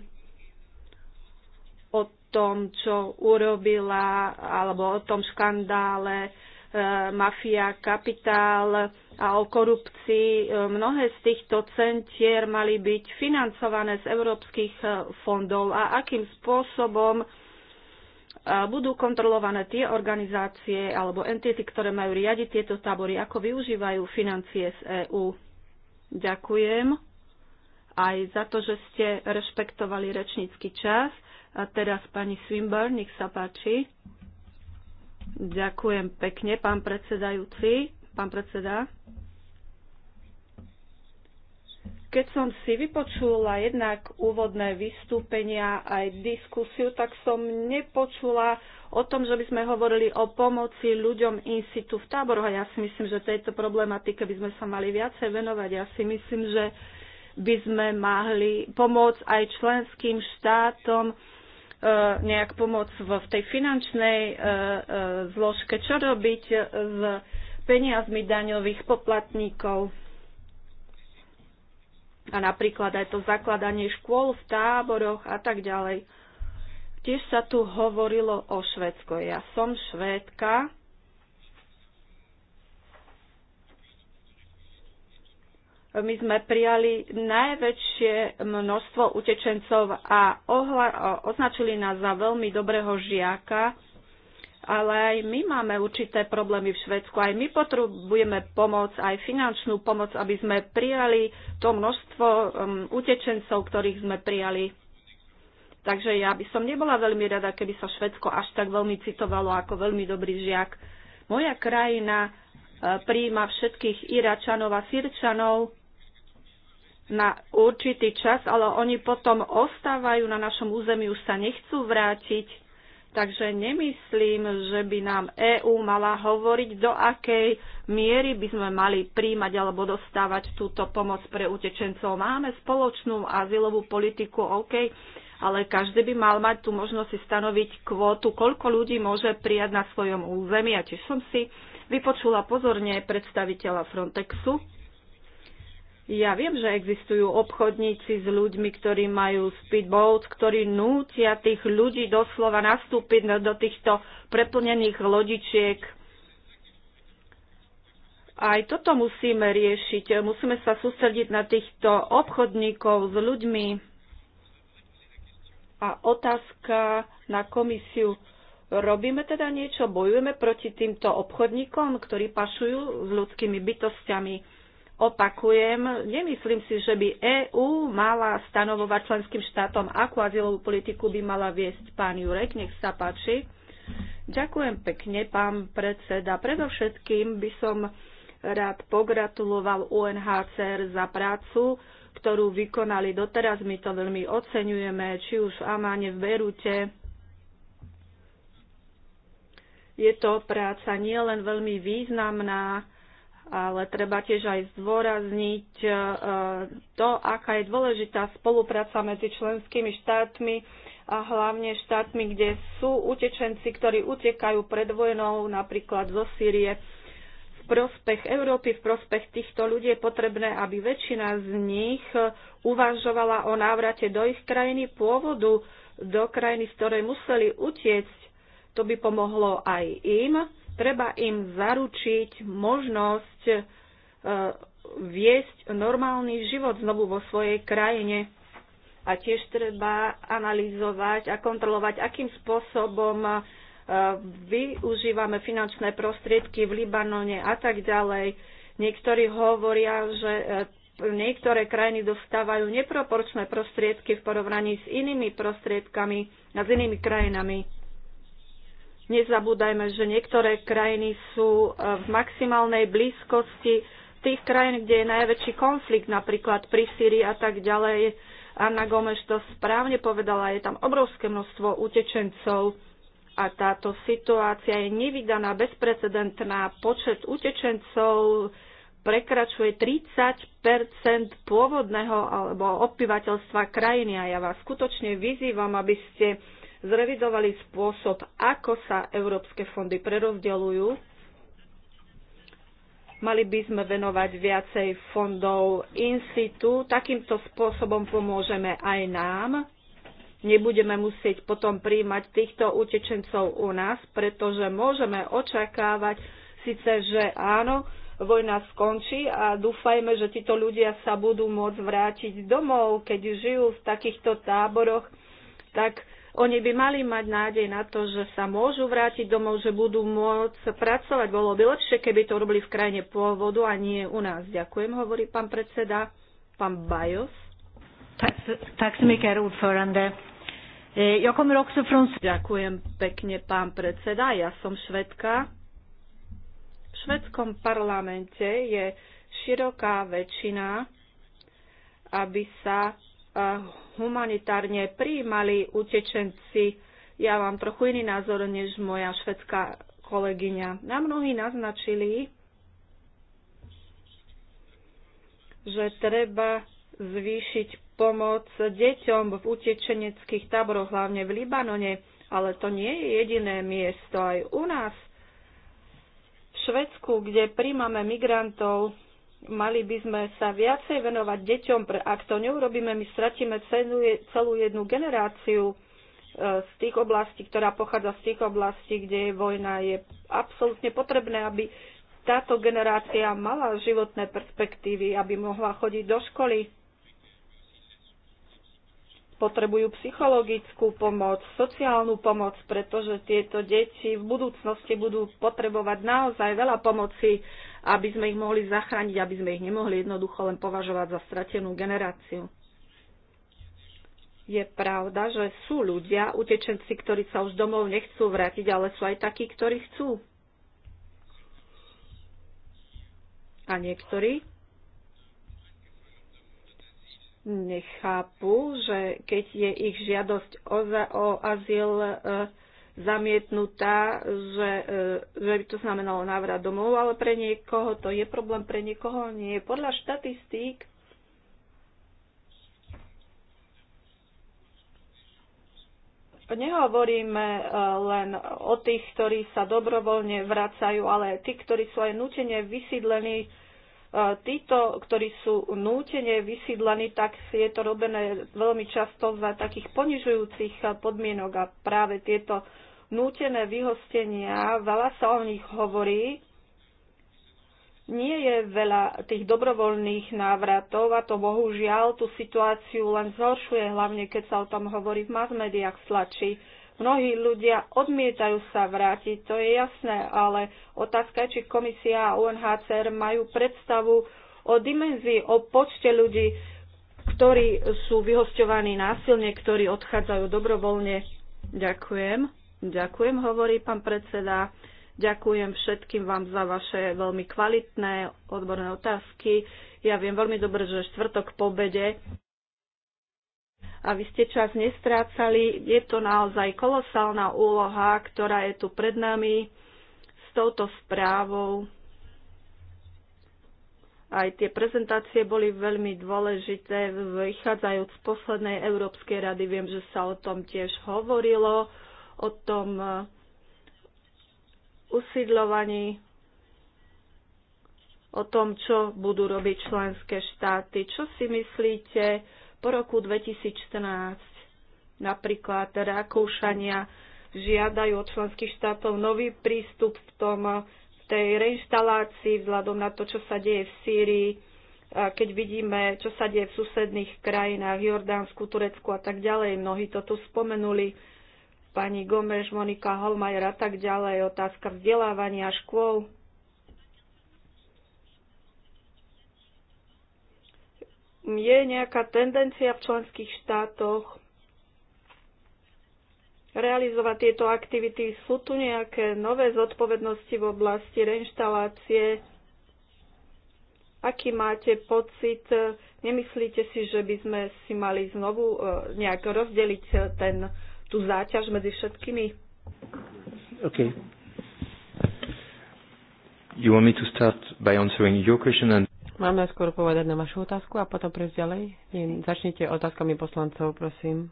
tom, čo urobila, alebo o tom škandále e, Mafia Kapitál a o korupcii. E, mnohé z týchto centier mali byť financované z európskych e, fondov a akým spôsobom budú kontrolované tie organizácie alebo entity, ktoré majú riadiť tieto tábory, ako využívajú financie z EÚ. Ďakujem aj za to, že ste rešpektovali rečnícky čas. A teraz pani Swimber, nech sa páči. Ďakujem pekne, pán predsedajúci, pán predseda. Keď som si vypočula jednak úvodné vystúpenia aj diskusiu, tak som nepočula o tom, že by sme hovorili o pomoci ľuďom in situ v táboroch. A ja si myslím, že tejto problematike by sme sa mali viacej venovať. Ja si myslím, že by sme mohli pomôcť aj členským štátom, Eh, nejak pomôcť v tej finančnej eh, eh, zložke, čo robiť s peniazmi daňových poplatníkov. A napríklad aj to zakladanie škôl v táboroch a tak ďalej. Tiež sa tu hovorilo o Švedsko. Ja som Švédka my sme prijali najväčšie množstvo utečencov a označili nás za veľmi dobrého žiaka, ale aj my máme určité problémy v Švedsku. Aj my potrebujeme pomoc, aj finančnú pomoc, aby sme prijali to množstvo um, utečencov, ktorých sme prijali. Takže ja by som nebola veľmi rada, keby sa Švedsko až tak veľmi citovalo ako veľmi dobrý žiak. Moja krajina uh, prijíma všetkých Iračanov a Sirčanov, na určitý čas, ale oni potom ostávajú na našom území, už sa nechcú vrátiť. Takže nemyslím, že by nám EÚ mala hovoriť, do akej miery by sme mali príjmať alebo dostávať túto pomoc pre utečencov. Máme spoločnú azylovú politiku, OK, ale každý by mal mať tú možnosť si stanoviť kvótu, koľko ľudí môže prijať na svojom území. A tiež som si vypočula pozorne predstaviteľa Frontexu, ja viem, že existujú obchodníci s ľuďmi, ktorí majú speedboat, ktorí nútia tých ľudí doslova nastúpiť do týchto preplnených lodičiek. Aj toto musíme riešiť. Musíme sa sústrediť na týchto obchodníkov s ľuďmi. A otázka na komisiu. Robíme teda niečo, bojujeme proti týmto obchodníkom, ktorí pašujú s ľudskými bytostiami Opakujem, nemyslím si, že by EÚ mala stanovovať členským štátom, akú azylovú politiku by mala viesť pán Jurek. Nech sa páči. Ďakujem pekne, pán predseda. Predovšetkým by som rád pogratuloval UNHCR za prácu, ktorú vykonali doteraz. My to veľmi oceňujeme, či už v Amáne, v Berute, je to práca nielen veľmi významná, ale treba tiež aj zdôrazniť e, to, aká je dôležitá spolupráca medzi členskými štátmi a hlavne štátmi, kde sú utečenci, ktorí utekajú pred vojnou napríklad zo Sýrie. V prospech Európy, v prospech týchto ľudí je potrebné, aby väčšina z nich uvažovala o návrate do ich krajiny pôvodu, do krajiny, z ktorej museli utiecť. To by pomohlo aj im Treba im zaručiť možnosť e, viesť normálny život znovu vo svojej krajine. A tiež treba analyzovať a kontrolovať, akým spôsobom e, využívame finančné prostriedky v Libanone a tak ďalej. Niektorí hovoria, že e, niektoré krajiny dostávajú neproporčné prostriedky v porovnaní s inými prostriedkami a s inými krajinami. Nezabúdajme, že niektoré krajiny sú e, v maximálnej blízkosti tých krajín, kde je najväčší konflikt, napríklad pri Syrii a tak ďalej. Anna Gomeš to správne povedala, je tam obrovské množstvo utečencov a táto situácia je nevydaná, bezprecedentná. Počet utečencov prekračuje 30 pôvodného alebo obyvateľstva krajiny a ja vás skutočne vyzývam, aby ste zrevidovali spôsob, ako sa európske fondy prerozdeľujú. Mali by sme venovať viacej fondov in situ. Takýmto spôsobom pomôžeme aj nám. Nebudeme musieť potom príjmať týchto utečencov u nás, pretože môžeme očakávať síce, že áno, vojna skončí a dúfajme, že títo ľudia sa budú môcť vrátiť domov, keď žijú v takýchto táboroch, tak oni by mali mať nádej na to, že sa môžu vrátiť domov, že budú môcť pracovať. Bolo by lepšie, keby to robili v krajine pôvodu a nie u nás. Ďakujem, hovorí pán predseda, pán Bajos. Tak som e, Ďakujem pekne, pán predseda. Ja som švedka. V švedskom parlamente je široká väčšina, aby sa humanitárne prijímali utečenci. Ja mám trochu iný názor než moja švedská kolegyňa. Na mnohí naznačili, že treba zvýšiť pomoc deťom v utečeneckých táboroch, hlavne v Libanone, ale to nie je jediné miesto. Aj u nás v Švedsku, kde príjmame migrantov, mali by sme sa viacej venovať deťom, pre, ak to neurobíme, my stratíme celú, celú jednu generáciu e, z tých oblastí, ktorá pochádza z tých oblastí, kde je vojna, je absolútne potrebné, aby táto generácia mala životné perspektívy, aby mohla chodiť do školy. Potrebujú psychologickú pomoc, sociálnu pomoc, pretože tieto deti v budúcnosti budú potrebovať naozaj veľa pomoci aby sme ich mohli zachrániť, aby sme ich nemohli jednoducho len považovať za stratenú generáciu. Je pravda, že sú ľudia, utečenci, ktorí sa už domov nechcú vrátiť, ale sú aj takí, ktorí chcú. A niektorí nechápu, že keď je ich žiadosť o, o azyl e, zamietnutá, že, e, že by to znamenalo návrat domov, ale pre niekoho to je problém, pre niekoho nie. Podľa štatistík nehovoríme e, len o tých, ktorí sa dobrovoľne vracajú, ale tí, ktorí sú aj nútene vysídlení, e, títo, ktorí sú nútene vysídlení, tak je to robené veľmi často za takých ponižujúcich podmienok a práve tieto nútené vyhostenia, veľa sa o nich hovorí. Nie je veľa tých dobrovoľných návratov a to bohužiaľ tú situáciu len zhoršuje, hlavne keď sa o tom hovorí v mass médiách slačí. Mnohí ľudia odmietajú sa vrátiť, to je jasné, ale otázka je, či komisia a UNHCR majú predstavu o dimenzii, o počte ľudí, ktorí sú vyhostovaní násilne, ktorí odchádzajú dobrovoľne. Ďakujem. Ďakujem, hovorí pán predseda. Ďakujem všetkým vám za vaše veľmi kvalitné odborné otázky. Ja viem veľmi dobre, že štvrtok po obede a vy ste čas nestrácali. Je to naozaj kolosálna úloha, ktorá je tu pred nami s touto správou. Aj tie prezentácie boli veľmi dôležité, vychádzajúc z poslednej Európskej rady. Viem, že sa o tom tiež hovorilo o tom e, usídlovaní, o tom, čo budú robiť členské štáty. Čo si myslíte po roku 2014? Napríklad Rakúšania žiadajú od členských štátov nový prístup v tom, e, v tej reinštalácii vzhľadom na to, čo sa deje v Sýrii, keď vidíme, čo sa deje v susedných krajinách, Jordánsku, Turecku a tak ďalej. Mnohí to tu spomenuli pani Gomeš, Monika Holmajer a tak ďalej, otázka vzdelávania škôl. Je nejaká tendencia v členských štátoch realizovať tieto aktivity? Sú tu nejaké nové zodpovednosti v oblasti reinštalácie? Aký máte pocit? Nemyslíte si, že by sme si mali znovu e, nejak rozdeliť e, ten tú záťaž medzi všetkými. OK. You want me to start by answering your question and... Mám najskôr povedať na vašu otázku a potom prejsť ďalej. začnite otázkami poslancov, prosím.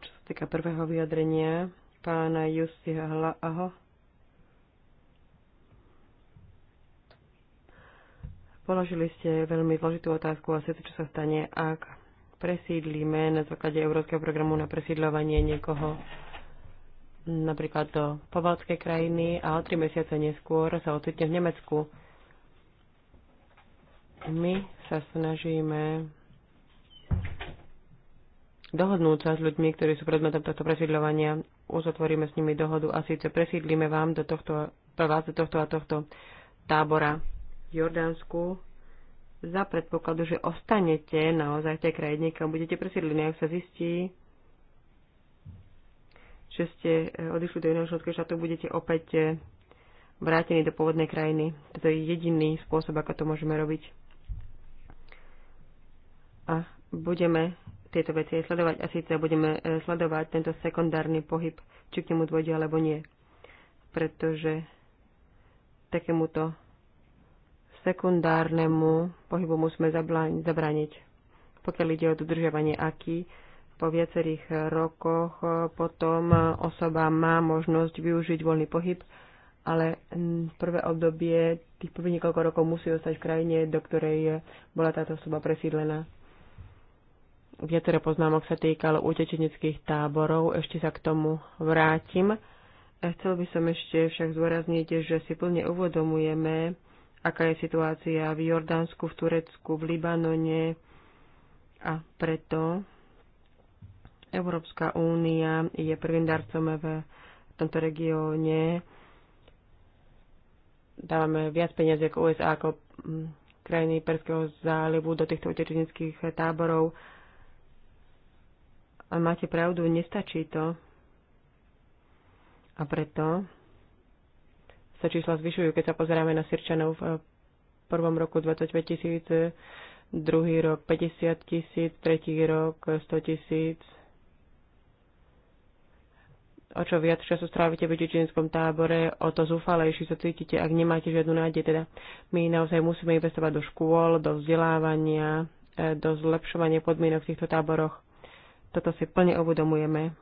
Čo sa týka prvého vyjadrenia pána Justiho Hlaho, Položili ste veľmi zložitú otázku a sice, čo sa stane, ak presídlíme na základe Európskeho programu na presídľovanie niekoho napríklad do pobaltskej krajiny a o tri mesiace neskôr sa ocitne v Nemecku. My sa snažíme dohodnúť sa s ľuďmi, ktorí sú predmetom tohto presídľovania. Uzatvoríme s nimi dohodu a síce presídlíme vám do tohto, vás do tohto a tohto tábora Jordánsku za predpokladu, že ostanete naozaj v tej krajine, kam budete presiedlení, ak sa zistí, že ste e, odišli do iného členského štátu, budete opäť e, vrátení do pôvodnej krajiny. To je jediný spôsob, ako to môžeme robiť. A budeme tieto veci aj sledovať. A síce budeme e, sledovať tento sekundárny pohyb, či k nemu dôjde alebo nie. Pretože takémuto sekundárnemu pohybu musíme zabrániť. Pokiaľ ide o dodržiavanie aký, po viacerých rokoch e, potom e, osoba má možnosť využiť voľný pohyb, ale prvé obdobie tých prvých niekoľko rokov musí ostať v krajine, do ktorej e, bola táto osoba presídlená. Viacero poznámok sa týkalo utečeneckých táborov, ešte sa k tomu vrátim. Chcel by som ešte však zúrazniť, že si plne uvedomujeme aká je situácia v Jordánsku, v Turecku, v Libanone a preto Európska únia je prvým darcom v tomto regióne. Dávame viac peniazí ako USA, ako mm, krajiny Perského zálivu do týchto utečeneckých táborov. A máte pravdu, nestačí to. A preto sa čísla zvyšujú, keď sa pozeráme na Sirčanov v prvom roku 25 tisíc, druhý rok 50 tisíc, tretí rok 100 tisíc. O čo viac času strávite v čečenskom tábore, o to zúfalejší sa cítite, ak nemáte žiadnu nádej. Teda my naozaj musíme investovať do škôl, do vzdelávania, do zlepšovania podmienok v týchto táboroch. Toto si plne uvedomujeme.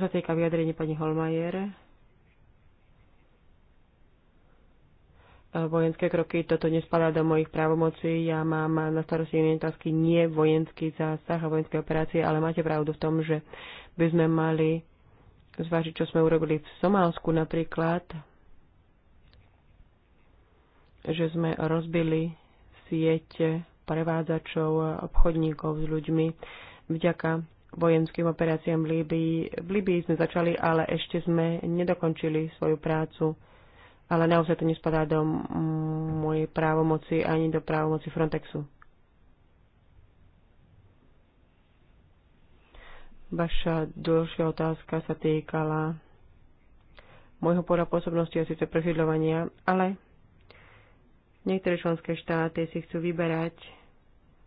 sa týka vyjadrenia pani Holmajer, vojenské kroky, toto nespadá do mojich právomocí. Ja mám na starosti iné otázky, nie vojenský zásah a vojenské operácie, ale máte pravdu v tom, že by sme mali zvážiť, čo sme urobili v Somálsku napríklad, že sme rozbili sieť prevádzačov, obchodníkov s ľuďmi vďaka vojenským operáciám v Líbii. V Líbii sme začali, ale ešte sme nedokončili svoju prácu. Ale naozaj to nespadá do mojej právomoci ani do právomoci Frontexu. Vaša dlhšia otázka sa týkala môjho pora pôsobnosti a síce presídľovania, ale niektoré členské štáty si chcú vyberať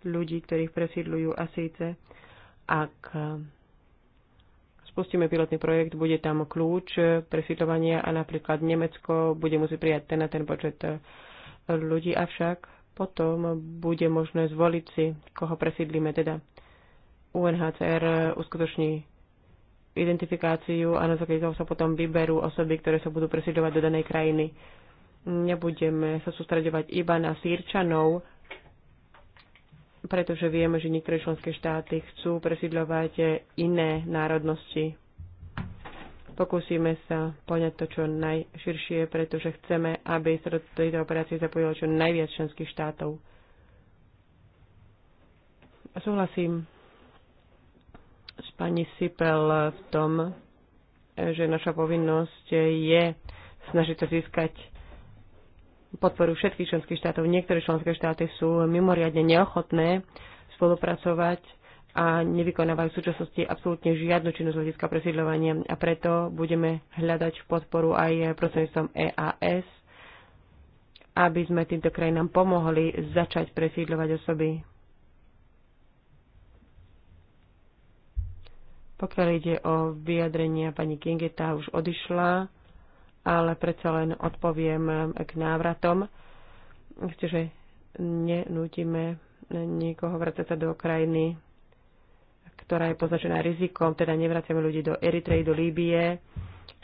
ľudí, ktorých presídľujú a síce ak spustíme pilotný projekt, bude tam kľúč presítovania a napríklad Nemecko bude musieť prijať ten a ten počet eh, ľudí, avšak potom bude možné zvoliť si, koho presídlíme. Teda UNHCR uskutoční identifikáciu a na základe toho sa potom vyberú osoby, ktoré sa budú presídľovať do danej krajiny. Nebudeme sa sústredovať iba na sírčanov, pretože vieme, že niektoré členské štáty chcú presidľovať iné národnosti. Pokúsime sa poňať to čo najširšie, pretože chceme, aby sa do tejto operácie zapojilo čo najviac členských štátov. A súhlasím s pani Sipel v tom, že naša povinnosť je snažiť sa získať podporu všetkých členských štátov. Niektoré členské štáty sú mimoriadne neochotné spolupracovať a nevykonávajú v súčasnosti absolútne žiadnu činnosť hľadiska presídľovania a preto budeme hľadať podporu aj prostredníctvom EAS, aby sme týmto krajinám pomohli začať presídľovať osoby. Pokiaľ ide o vyjadrenia pani Kingeta už odišla ale predsa len odpoviem k návratom. Čiže nenútime nikoho vrácať sa do krajiny, ktorá je poznačená rizikom, teda nevraciame ľudí do Eritrej, do Líbie,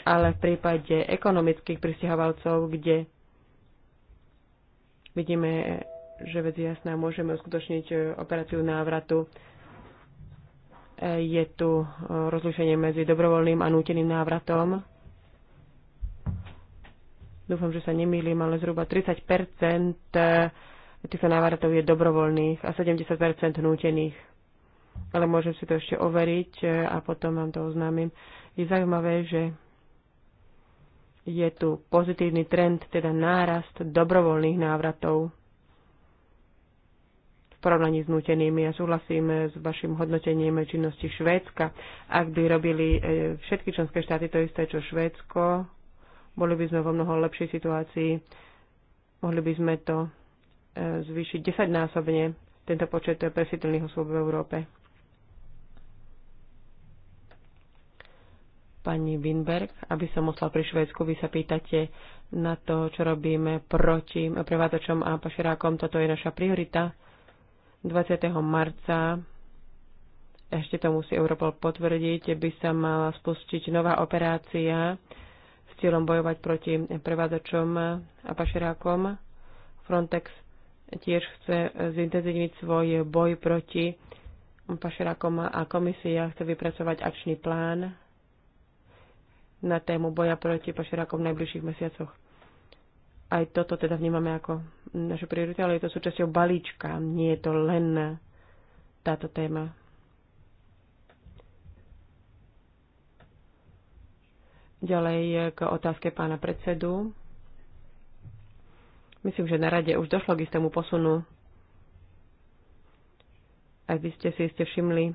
ale v prípade ekonomických pristahovalcov, kde vidíme, že vec jasná, môžeme uskutočniť operáciu návratu. Je tu rozlúčenie medzi dobrovoľným a núteným návratom dúfam, že sa nemýlim, ale zhruba 30 eh, týchto návratov je dobrovoľných a 70 nútených. Ale môžem si to ešte overiť eh, a potom vám to oznámim. Je zaujímavé, že je tu pozitívny trend, teda nárast dobrovoľných návratov v porovnaní s nutenými. Ja súhlasím eh, s vašim hodnotením činnosti Švédska. Ak by robili všetky členské štáty to isté, čo Švédsko, boli by sme vo mnoho lepšej situácii. Mohli by sme to e, zvýšiť desaťnásobne, tento počet presídlených osôb v Európe. Pani Winberg, aby som musela pri Švédsku, vy sa pýtate na to, čo robíme proti prevádzačom a pašerákom. Toto je naša priorita. 20. marca ešte to musí Europol potvrdiť, by sa mala spustiť nová operácia cieľom bojovať proti prevádzačom a pašerákom. Frontex tiež chce zintenzívniť svoj boj proti pašerákom a komisia chce vypracovať akčný plán na tému boja proti pašerákom v najbližších mesiacoch. Aj toto teda vnímame ako našu prioritu, ale je to súčasťou balíčka, nie je to len táto téma. Ďalej k otázke pána predsedu. Myslím, že na rade už došlo k istému posunu. Aj vy ste si ste všimli e,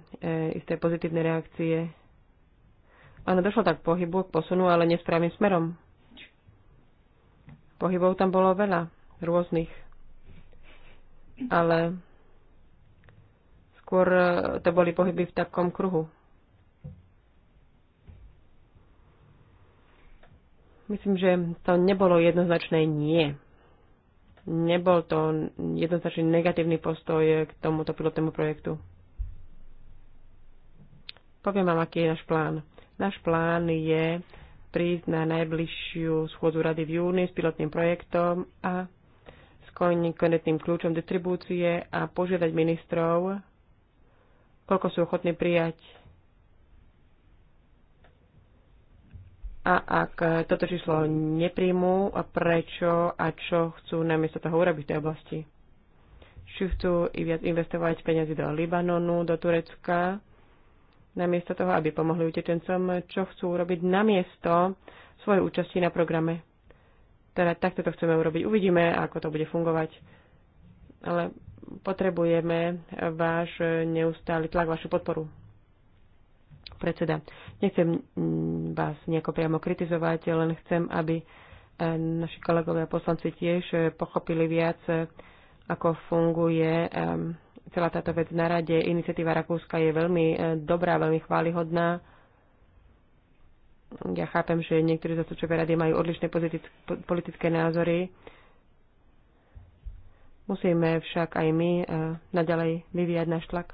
isté pozitívne reakcie. Áno, došlo tak k pohybu, k posunu, ale nesprávnym smerom. Pohybov tam bolo veľa, rôznych. Ale skôr e, to boli pohyby v takom kruhu. Myslím, že to nebolo jednoznačné nie. Nebol to jednoznačný negatívny postoj k tomuto pilotnému projektu. Poviem vám, aký je náš plán. Náš plán je prísť na najbližšiu schôdzu rady v júni s pilotným projektom a s konetným kľúčom distribúcie a požiadať ministrov, koľko sú ochotní prijať A ak toto číslo nepríjmú, prečo a čo chcú namiesto toho urobiť v tej oblasti? Či chcú i viac investovať peniazy do Libanonu, do Turecka, namiesto toho, aby pomohli utečencom, čo chcú urobiť namiesto svojej účasti na programe. Teda takto to chceme urobiť. Uvidíme, ako to bude fungovať. Ale potrebujeme váš neustály tlak, vašu podporu. Predseda, nechcem mm, vás nejako priamo kritizovať, len chcem, aby e, naši kolegovia poslanci tiež e, pochopili viac, e, ako funguje celá táto vec na rade. Iniciatíva Rakúska je veľmi dobrá, veľmi chválihodná. Ja chápem, že niektorí zastupčové rady majú odlišné politické názory. Musíme však aj my naďalej vyvíjať náš tlak.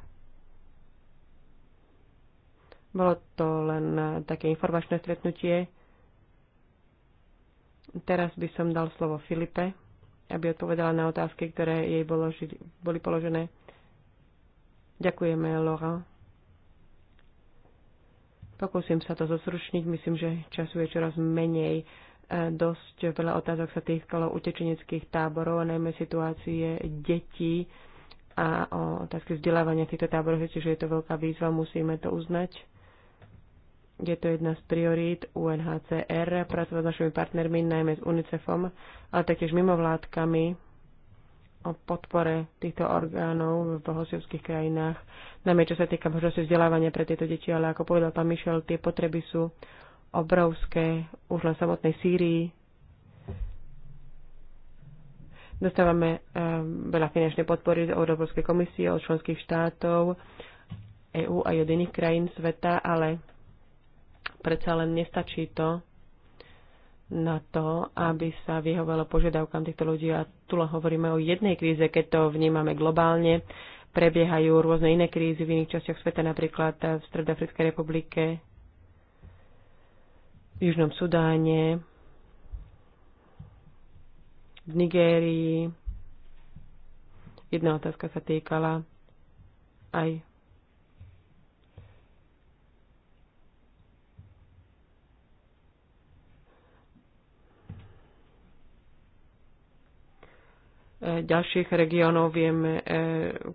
Bolo to len e, také informačné stretnutie. Teraz by som dal slovo Filipe, aby odpovedala na otázky, ktoré jej bolo, boli položené. Ďakujeme, Laura. Pokúsim sa to zosrušniť. Myslím, že času je čoraz menej e, dosť veľa otázok sa týkalo utečeneckých táborov, a najmä situácie detí a o otázky vzdelávania v týchto táboroch. Čiže že je to veľká výzva, musíme to uznať. Je to jedna z priorít UNHCR pracovať s našimi partnermi, najmä s UNICEFom, ale taktiež mimovládkami o podpore týchto orgánov v hostovských krajinách, najmä čo sa týka možnosti vzdelávania pre tieto deti, ale ako povedal pán Mišel, tie potreby sú obrovské už len v samotnej Sýrii. Dostávame um, veľa finančnej podpory od Európskej komisie, od členských štátov, EÚ a od iných krajín sveta, ale Predsa len nestačí to na to, aby sa vyhovalo požiadavkám týchto ľudí. A tu len hovoríme o jednej kríze, keď to vnímame globálne. Prebiehajú rôzne iné krízy v iných častiach sveta, napríklad v Stredoafrickej republike, v Južnom Sudáne, v Nigérii. Jedna otázka sa týkala aj ďalších regiónov, vieme e,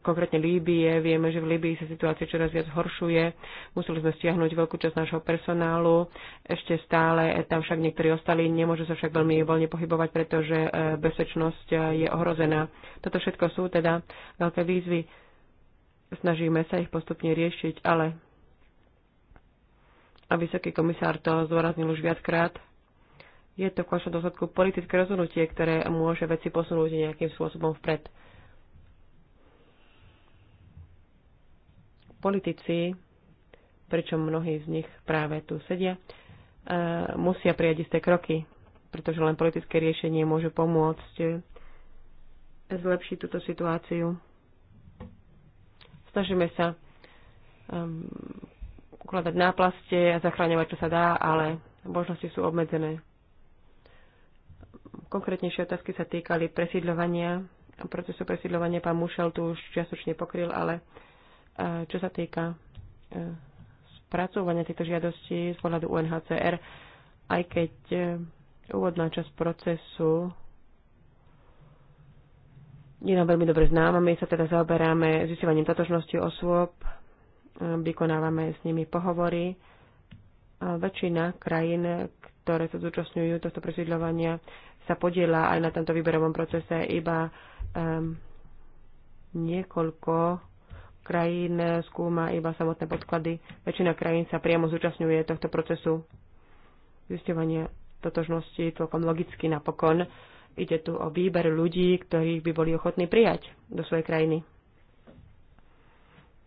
konkrétne Líbie, vieme, že v Líbii sa situácia čoraz viac horšuje. Museli sme stiahnuť veľkú časť nášho personálu, ešte stále tam však niektorí ostali, nemôžu sa však veľmi voľne pohybovať, pretože e, bezpečnosť e, je ohrozená. Toto všetko sú teda veľké výzvy. Snažíme sa ich postupne riešiť, ale a vysoký komisár to zdôraznil už viackrát, je to v konečnom dôsledku politické rozhodnutie, ktoré môže veci posunúť nejakým spôsobom vpred. Politici, pričom mnohí z nich práve tu sedia, e, musia prijať isté kroky, pretože len politické riešenie môže pomôcť zlepšiť túto situáciu. Snažíme sa um, ukladať náplaste a zachráňovať, čo sa dá, ale možnosti sú obmedzené. Konkrétnejšie otázky sa týkali presídľovania, procesu presídľovania pán Mušel tu už čiastočne pokryl, ale e, čo sa týka e, spracovania týchto žiadostí z pohľadu UNHCR, aj keď e, úvodná časť procesu je nám veľmi dobre známa. My sa teda zaoberáme zisťovaním totožnosti osôb, vykonávame s nimi pohovory. A väčšina krajín, ktoré sa zúčastňujú tohto presídľovania, sa podiela aj na tomto výberovom procese iba um, niekoľko krajín skúma iba samotné podklady. Väčšina krajín sa priamo zúčastňuje tohto procesu zistovania totožnosti celkom logicky napokon. Ide tu o výber ľudí, ktorých by boli ochotní prijať do svojej krajiny.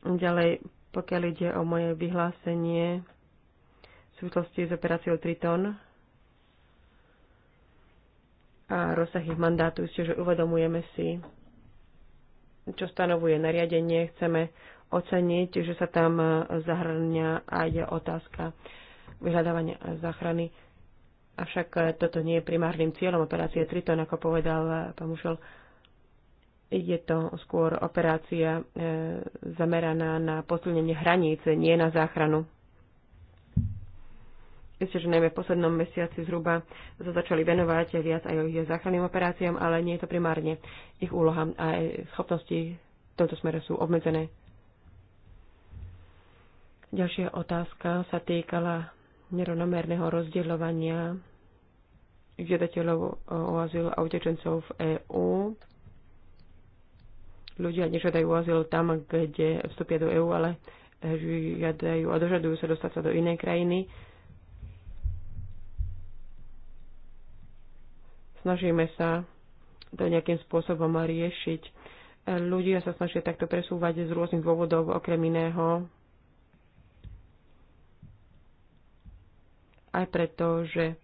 Ďalej, pokiaľ ide o moje vyhlásenie v súvislosti s operáciou Triton, a rozsahy mandátu. Isté, že uvedomujeme si, čo stanovuje nariadenie. Chceme oceniť, že sa tam zahrania aj otázka vyhľadávania záchrany. Avšak toto nie je primárnym cieľom operácie Triton, ako povedal pán Mušel. Je to skôr operácia e, zameraná na posilnenie hraníc, nie na záchranu. Isté, že najmä v poslednom mesiaci zhruba sa začali venovať viac aj ich záchranným operáciám, ale nie je to primárne ich úloha a schopnosti v tomto smere sú obmedzené. Ďalšia otázka sa týkala nerovnomerného rozdielovania žiadateľov o azyl a utečencov v EÚ. Ľudia nežiadajú azyl tam, kde vstúpia do EÚ, ale žiadajú a dožadujú sa dostať sa do inej krajiny snažíme sa to nejakým spôsobom riešiť. Ľudia sa snažia takto presúvať z rôznych dôvodov, okrem iného. Aj preto, že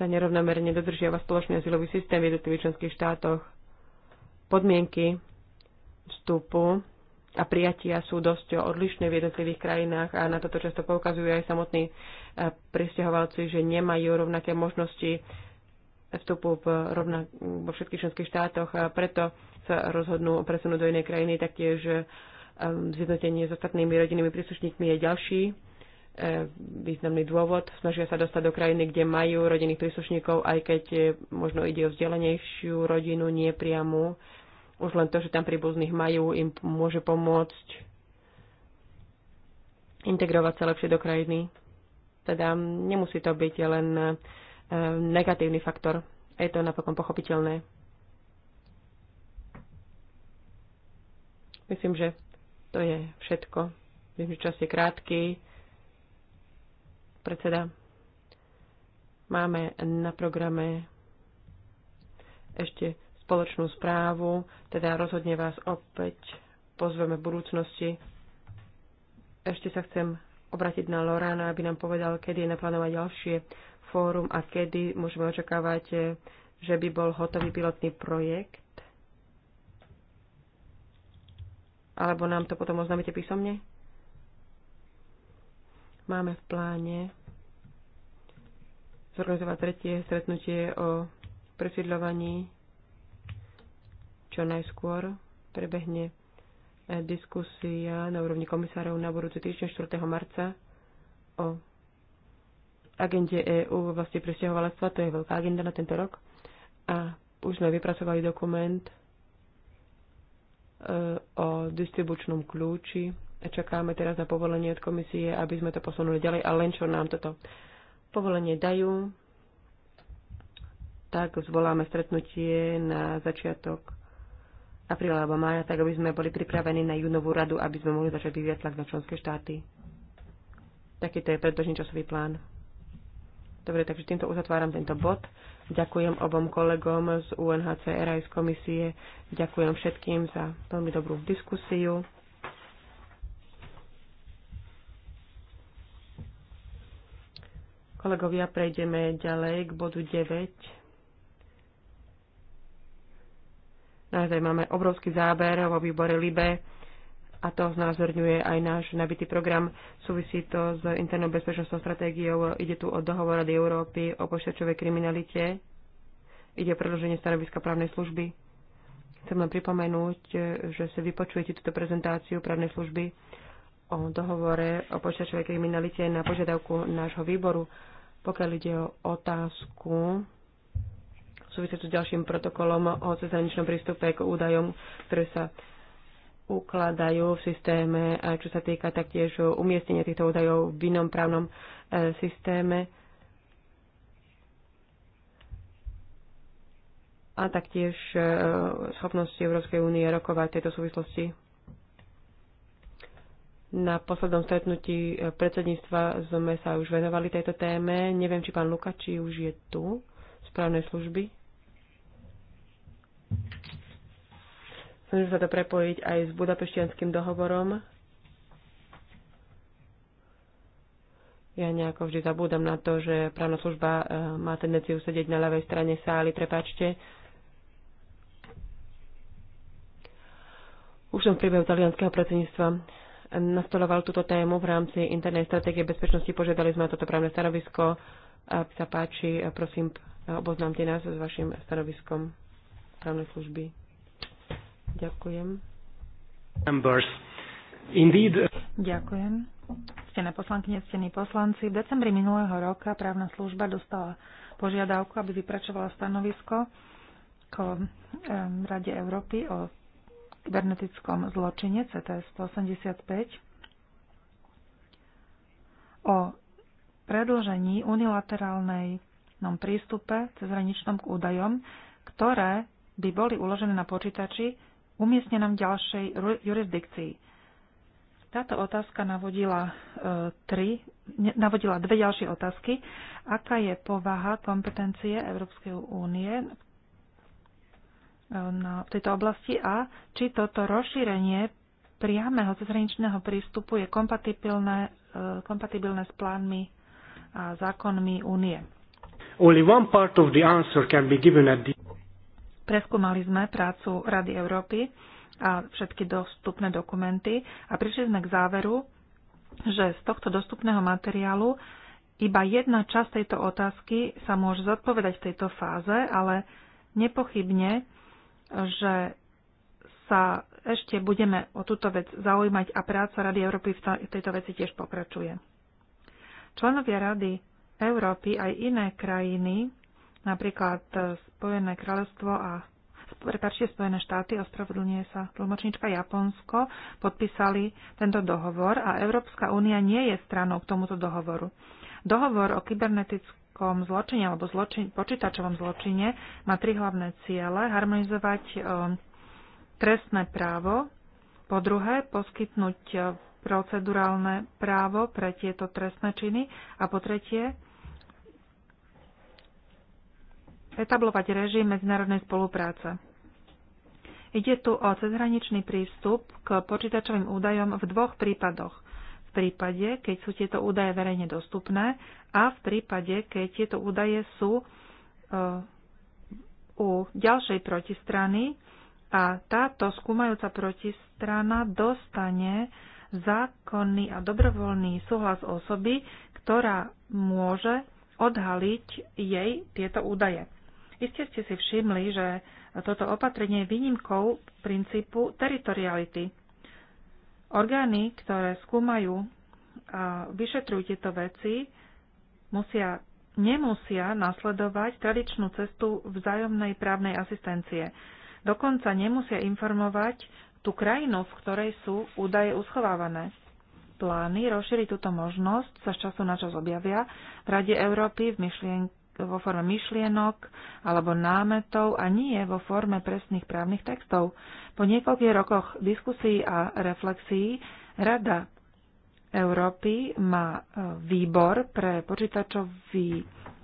sa nerovnomerne dodržiava spoločný asilový systém v jednotlivých členských štátoch. Podmienky vstupu a prijatia sú dosť odlišné v jednotlivých krajinách a na toto často poukazujú aj samotní eh, pristahovalci, že nemajú rovnaké možnosti vstupu v rovna, vo všetkých členských štátoch a preto sa rozhodnú presunúť do inej krajiny, taktiež e, zjednotenie s ostatnými rodinnými príslušníkmi je ďalší e, významný dôvod. Snažia sa dostať do krajiny, kde majú rodinných príslušníkov, aj keď e, možno ide o vzdelenejšiu rodinu, nie priamu. Už len to, že tam príbuzných majú, im môže pomôcť integrovať sa lepšie do krajiny. Teda nemusí to byť len Ehm, negatívny faktor. Je to napokon pochopiteľné. Myslím, že to je všetko. Viem, že čas je krátky. Predseda, máme na programe ešte spoločnú správu, teda rozhodne vás opäť pozveme v budúcnosti. Ešte sa chcem obratiť na lorána, aby nám povedal, kedy je naplánovať ďalšie fórum a kedy môžeme očakávať, eh, že by bol hotový pilotný projekt? Alebo nám to potom oznámite písomne? Máme v pláne zorganizovať tretie stretnutie o presídľovaní čo najskôr prebehne eh, diskusia na úrovni komisárov na budúci týždeň 4. marca o agende EÚ v oblasti presťahovalectva, to je veľká agenda na tento rok. A už sme vypracovali dokument e, o distribučnom kľúči. A Čakáme teraz na povolenie od komisie, aby sme to posunuli ďalej a len čo nám toto povolenie dajú, tak zvoláme stretnutie na začiatok apríla alebo mája, tak aby sme boli pripravení na júnovú radu, aby sme mohli začať vyviať tlak na členské štáty. Takýto je predložný časový plán. Dobre, takže týmto uzatváram tento bod. Ďakujem obom kolegom z UNHCR aj z komisie. Ďakujem všetkým za veľmi dobrú diskusiu. Kolegovia, prejdeme ďalej k bodu 9. Naozaj máme obrovský záber vo výbore LIBE a to znázorňuje aj náš nabitý program. Súvisí to s internou bezpečnostnou stratégiou. Ide tu o dohovor Rady Európy o pošťačovej kriminalite. Ide o predloženie stanoviska právnej služby. Chcem len pripomenúť, že si vypočujete túto prezentáciu právnej služby o dohovore o počítačovej kriminalite na požiadavku nášho výboru. Pokiaľ ide o otázku súvisiacu s ďalším protokolom o cezhraničnom prístupe k údajom, ktoré sa ukladajú v systéme, čo sa týka taktiež umiestnenia týchto údajov v inom právnom e, systéme. a taktiež e, schopnosti Európskej únie rokovať v tejto súvislosti. Na poslednom stretnutí e, predsedníctva sme sa už venovali tejto téme. Neviem, či pán Lukači už je tu z právnej služby. Snažím sa to prepojiť aj s budapeštianským dohovorom. Ja nejako vždy zabúdam na to, že právna služba eh, má tendenciu sedieť na ľavej strane sály, prepačte. Už som v priebehu talianského predsedníctva nastoloval túto tému v rámci internej stratégie bezpečnosti. Požiadali sme o toto právne stanovisko. Ak sa páči, prosím, eh, oboznámte nás s vašim stanoviskom právnej služby. Ďakujem. Members. Indeed. Ďakujem. Stené poslankyne, stení poslanci. V decembri minulého roka právna služba dostala požiadavku, aby vypračovala stanovisko k Rade Európy o kybernetickom zločine CTS 185 o predlžení unilaterálnej prístupe cezhraničnom k údajom, ktoré by boli uložené na počítači umiestnenom v ďalšej jurisdikcii. Táto otázka navodila, e, tri, navodila dve ďalšie otázky. Aká je povaha kompetencie Európskej únie e, v tejto oblasti a či toto rozšírenie priameho cezhraničného prístupu je kompatibilné, e, kompatibilné s plánmi a zákonmi únie. Only one part of the answer can be given at the Preskúmali sme prácu Rady Európy a všetky dostupné dokumenty a prišli sme k záveru, že z tohto dostupného materiálu iba jedna časť tejto otázky sa môže zodpovedať v tejto fáze, ale nepochybne, že sa ešte budeme o túto vec zaujímať a práca Rady Európy v tejto veci tiež pokračuje. Členovia Rady Európy aj iné krajiny Napríklad e, Spojené kráľovstvo a prepáčte, Spojené štáty, ospravedlňuje sa tlmočnička Japonsko, podpísali tento dohovor a Európska únia nie je stranou k tomuto dohovoru. Dohovor o kybernetickom zločine alebo zločin, počítačovom zločine má tri hlavné ciele. Harmonizovať e, trestné právo, po druhé poskytnúť e, procedurálne právo pre tieto trestné činy a po tretie etablovať režim medzinárodnej spolupráce. Ide tu o cezhraničný prístup k počítačovým údajom v dvoch prípadoch. V prípade, keď sú tieto údaje verejne dostupné a v prípade, keď tieto údaje sú e, u ďalšej protistrany a táto skúmajúca protistrana dostane zákonný a dobrovoľný súhlas osoby, ktorá môže odhaliť jej tieto údaje. Iste ste si všimli, že toto opatrenie je výnimkou princípu teritoriality. Orgány, ktoré skúmajú a vyšetrujú tieto veci, musia, nemusia nasledovať tradičnú cestu vzájomnej právnej asistencie. Dokonca nemusia informovať tú krajinu, v ktorej sú údaje uschovávané plány rozšíriť túto možnosť sa z času na čas objavia v Rade Európy v myšlienke vo forme myšlienok alebo námetov a nie vo forme presných právnych textov. Po niekoľkých rokoch diskusí a reflexí Rada Európy má e, výbor pre počítačový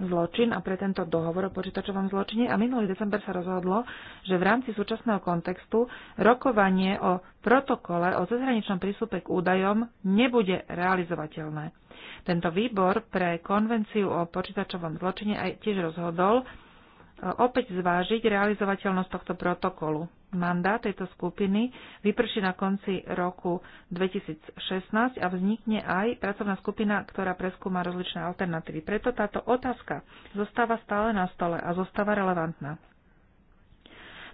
zločin a pre tento dohovor o počítačovom zločine a minulý december sa rozhodlo, že v rámci súčasného kontextu rokovanie o protokole o cezhraničnom prístupe k údajom nebude realizovateľné. Tento výbor pre konvenciu o počítačovom zločine aj tiež rozhodol, opäť zvážiť realizovateľnosť tohto protokolu. Mandát tejto skupiny vyprší na konci roku 2016 a vznikne aj pracovná skupina, ktorá preskúma rozličné alternatívy. Preto táto otázka zostáva stále na stole a zostáva relevantná.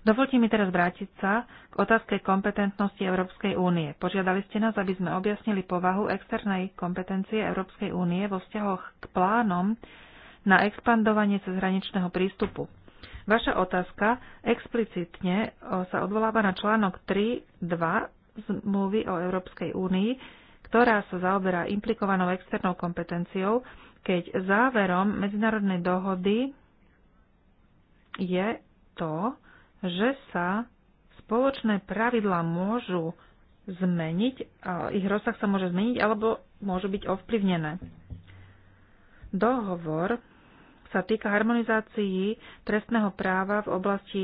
Dovolte mi teraz vrátiť sa k otázke kompetentnosti Európskej únie. Požiadali ste nás, aby sme objasnili povahu externej kompetencie Európskej únie vo vzťahoch k plánom na expandovanie cezhraničného prístupu. Vaša otázka explicitne sa odvoláva na článok 3.2 zmluvy o Európskej únii, ktorá sa zaoberá implikovanou externou kompetenciou, keď záverom medzinárodnej dohody je to, že sa spoločné pravidlá môžu zmeniť, ich rozsah sa môže zmeniť alebo môžu byť ovplyvnené. Dohovor sa týka harmonizácií trestného práva v oblasti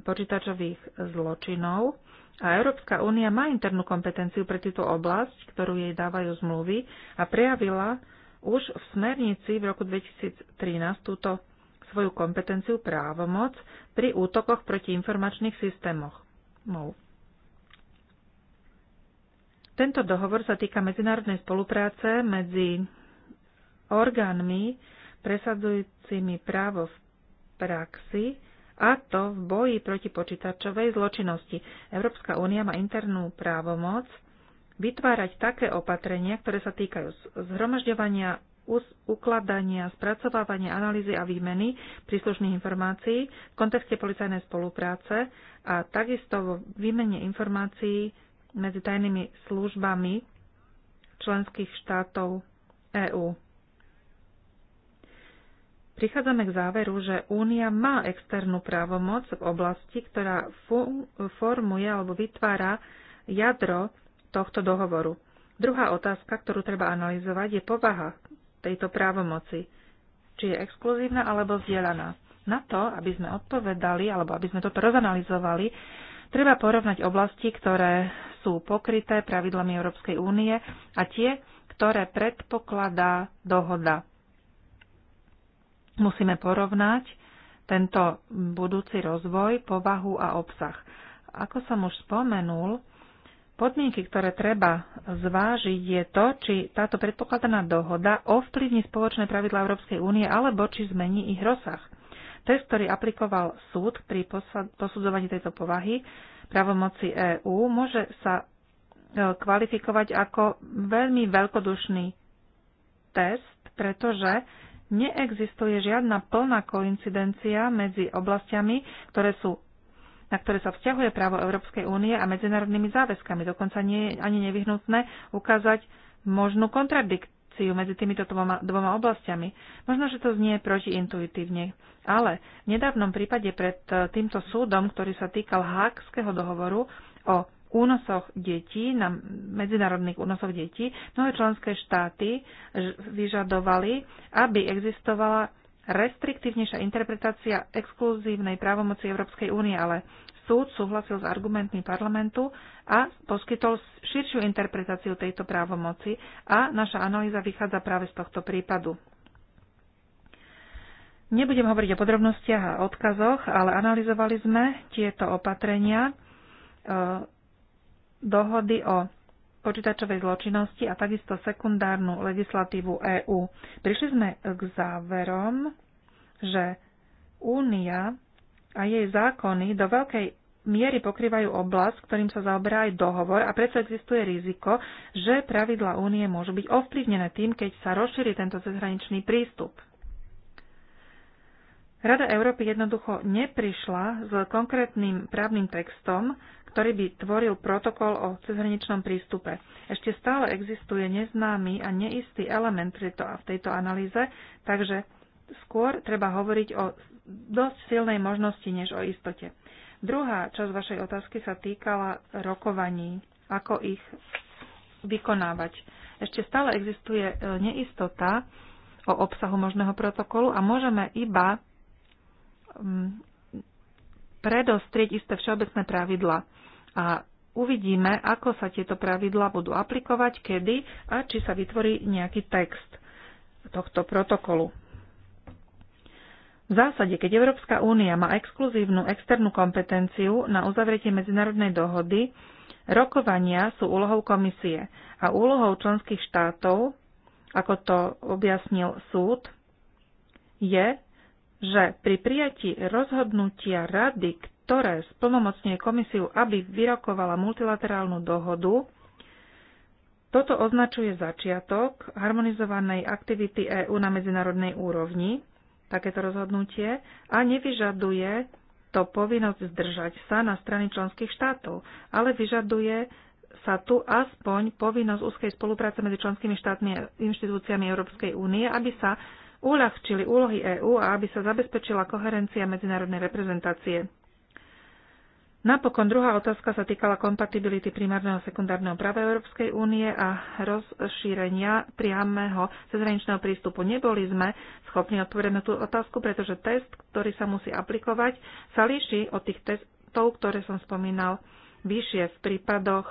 počítačových zločinov a Európska únia má internú kompetenciu pre túto oblasť, ktorú jej dávajú zmluvy a prejavila už v smernici v roku 2013 túto svoju kompetenciu právomoc pri útokoch proti informačných systémoch. Tento dohovor sa týka medzinárodnej spolupráce medzi orgánmi presadzujúcimi právo v praxi, a to v boji proti počítačovej zločinnosti. Európska únia má internú právomoc vytvárať také opatrenia, ktoré sa týkajú zhromažďovania, ukladania, spracovávania, analýzy a výmeny príslušných informácií v kontexte policajnej spolupráce a takisto vo výmene informácií medzi tajnými službami členských štátov EÚ prichádzame k záveru, že Únia má externú právomoc v oblasti, ktorá formuje alebo vytvára jadro tohto dohovoru. Druhá otázka, ktorú treba analyzovať, je povaha tejto právomoci. Či je exkluzívna alebo vzdielaná. Na to, aby sme odpovedali alebo aby sme toto rozanalizovali, treba porovnať oblasti, ktoré sú pokryté pravidlami Európskej únie a tie, ktoré predpokladá dohoda. Musíme porovnať tento budúci rozvoj, povahu a obsah. Ako som už spomenul, podmienky, ktoré treba zvážiť, je to, či táto predpokladaná dohoda ovplyvní spoločné pravidla Európskej únie alebo či zmení ich rozsah. Test, ktorý aplikoval súd pri posudzovaní tejto povahy pravomoci EÚ, môže sa e, kvalifikovať ako veľmi veľkodušný test, pretože neexistuje žiadna plná koincidencia medzi oblastiami, ktoré sú na ktoré sa vzťahuje právo Európskej únie a medzinárodnými záväzkami. Dokonca nie je ani nevyhnutné ukázať možnú kontradikciu medzi týmito dvoma, dvoma oblastiami. Možno, že to znie protiintuitívne, ale v nedávnom prípade pred e, týmto súdom, ktorý sa týkal Hákského dohovoru o únosoch detí, na medzinárodných únosoch detí, mnohé členské štáty vyžadovali, aby existovala restriktívnejšia interpretácia exkluzívnej právomoci Európskej únie, ale súd súhlasil s argumentmi parlamentu a poskytol širšiu interpretáciu tejto právomoci a naša analýza vychádza práve z tohto prípadu. Nebudem hovoriť o podrobnostiach a odkazoch, ale analyzovali sme tieto opatrenia e, dohody o počítačovej zločinnosti a takisto sekundárnu legislatívu EÚ. Prišli sme k záverom, že Únia a jej zákony do veľkej miery pokrývajú oblasť, ktorým sa zaoberá aj dohovor a preto existuje riziko, že pravidla únie môžu byť ovplyvnené tým, keď sa rozšíri tento cezhraničný prístup. Rada Európy jednoducho neprišla s konkrétnym právnym textom, ktorý by tvoril protokol o cezhraničnom prístupe. Ešte stále existuje neznámy a neistý element v tejto analýze, takže skôr treba hovoriť o dosť silnej možnosti než o istote. Druhá časť vašej otázky sa týkala rokovaní, ako ich vykonávať. Ešte stále existuje e, neistota o obsahu možného protokolu a môžeme iba mm, predostrieť isté všeobecné pravidla a uvidíme, ako sa tieto pravidlá budú aplikovať, kedy a či sa vytvorí nejaký text tohto protokolu. V zásade, keď Európska únia má exkluzívnu externú kompetenciu na uzavretie medzinárodnej dohody, rokovania sú úlohou komisie a úlohou členských štátov, ako to objasnil súd, je, že pri prijatí rozhodnutia rady, ktoré splnomocňuje komisiu, aby vyrokovala multilaterálnu dohodu, toto označuje začiatok harmonizovanej aktivity EÚ na medzinárodnej úrovni, takéto rozhodnutie, a nevyžaduje to povinnosť zdržať sa na strany členských štátov, ale vyžaduje sa tu aspoň povinnosť úzkej spolupráce medzi členskými štátmi a inštitúciami Európskej únie, aby sa uľahčili úlohy EÚ a aby sa zabezpečila koherencia medzinárodnej reprezentácie Napokon druhá otázka sa týkala kompatibility primárneho a sekundárneho práva Európskej únie a rozšírenia priamého cezhraničného prístupu. Neboli sme schopní odpovedať na tú otázku, pretože test, ktorý sa musí aplikovať, sa líši od tých testov, ktoré som spomínal vyššie v prípadoch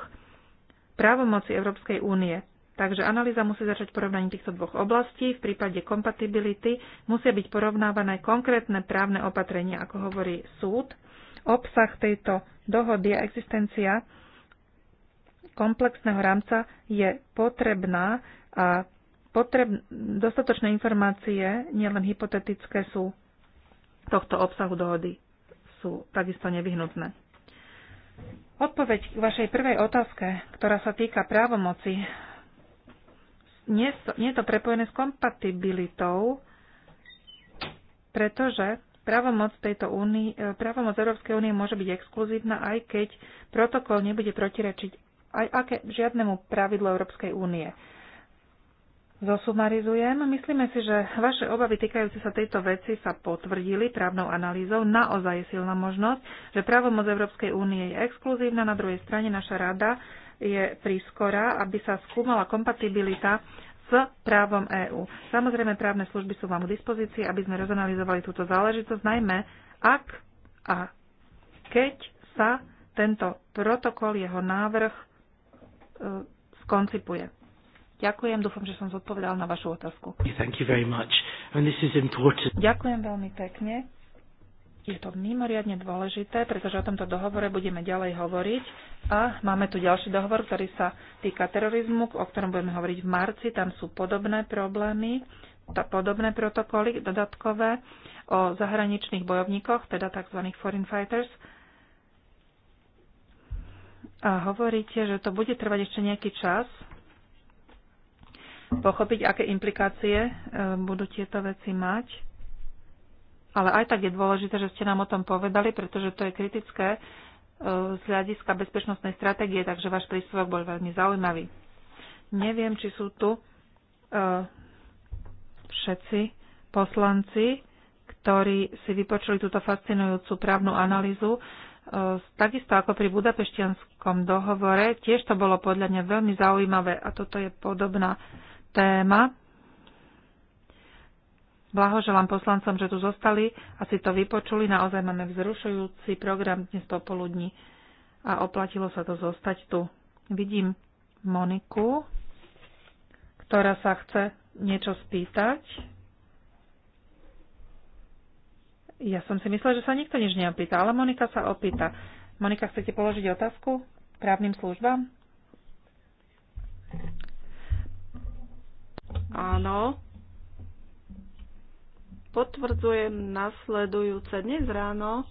právomoci Európskej únie. Takže analýza musí začať porovnaním týchto dvoch oblastí. V prípade kompatibility musia byť porovnávané konkrétne právne opatrenia, ako hovorí súd, obsah tejto dohody a existencia komplexného rámca je potrebná a potreb, dostatočné informácie, nielen hypotetické, sú tohto obsahu dohody sú takisto nevyhnutné. Odpoveď k vašej prvej otázke, ktorá sa týka právomoci, nie, je to prepojené s kompatibilitou, pretože Právomoc, tejto únie, e, právomoc Európskej únie môže byť exkluzívna, aj keď protokol nebude protirečiť aj aké, žiadnemu pravidlu Európskej únie. Zosumarizujem. Myslíme si, že vaše obavy týkajúce sa tejto veci sa potvrdili právnou analýzou. Naozaj je silná možnosť, že právomoc Európskej únie je exkluzívna. Na druhej strane naša rada je prískora, aby sa skúmala kompatibilita s právom EÚ. Samozrejme, právne služby sú vám k dispozícii, aby sme rozanalizovali túto záležitosť, najmä ak a keď sa tento protokol, jeho návrh e, skoncipuje. Ďakujem, dúfam, že som zodpovedal na vašu otázku. Ďakujem veľmi pekne. Je to mimoriadne dôležité, pretože o tomto dohovore budeme ďalej hovoriť a máme tu ďalší dohovor, ktorý sa týka terorizmu, o ktorom budeme hovoriť v marci. Tam sú podobné problémy, podobné protokoly dodatkové o zahraničných bojovníkoch, teda tzv. foreign fighters. A hovoríte, že to bude trvať ešte nejaký čas pochopiť, aké implikácie e, budú tieto veci mať ale aj tak je dôležité, že ste nám o tom povedali, pretože to je kritické e, z hľadiska bezpečnostnej stratégie, takže váš príspevok bol veľmi zaujímavý. Neviem, či sú tu e, všetci poslanci, ktorí si vypočuli túto fascinujúcu právnu analýzu. E, takisto ako pri budapeštianskom dohovore, tiež to bolo podľa mňa veľmi zaujímavé a toto je podobná téma. Blahoželám poslancom, že tu zostali a si to vypočuli. Naozaj máme vzrušujúci program dnes popoludní a oplatilo sa to zostať tu. Vidím Moniku, ktorá sa chce niečo spýtať. Ja som si myslela, že sa nikto nič neopýta, ale Monika sa opýta. Monika, chcete položiť otázku právnym službám? Áno potvrdzujem nasledujúce. Dnes ráno e,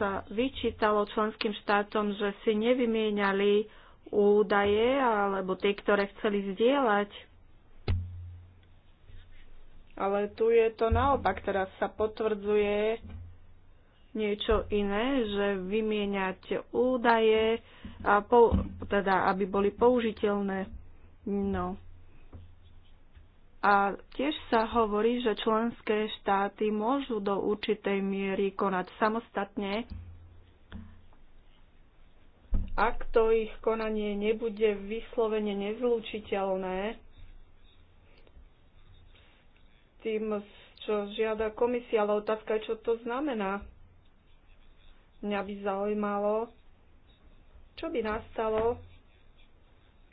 sa vyčítalo členským štátom, že si nevymieniali údaje alebo tie, ktoré chceli zdieľať. Ale tu je to naopak, teraz sa potvrdzuje niečo iné, že vymieňať údaje, a po, teda aby boli použiteľné. No. A tiež sa hovorí, že členské štáty môžu do určitej miery konať samostatne, ak to ich konanie nebude vyslovene nezlúčiteľné tým, čo žiada komisia, ale otázka je, čo to znamená. Mňa by zaujímalo, čo by nastalo,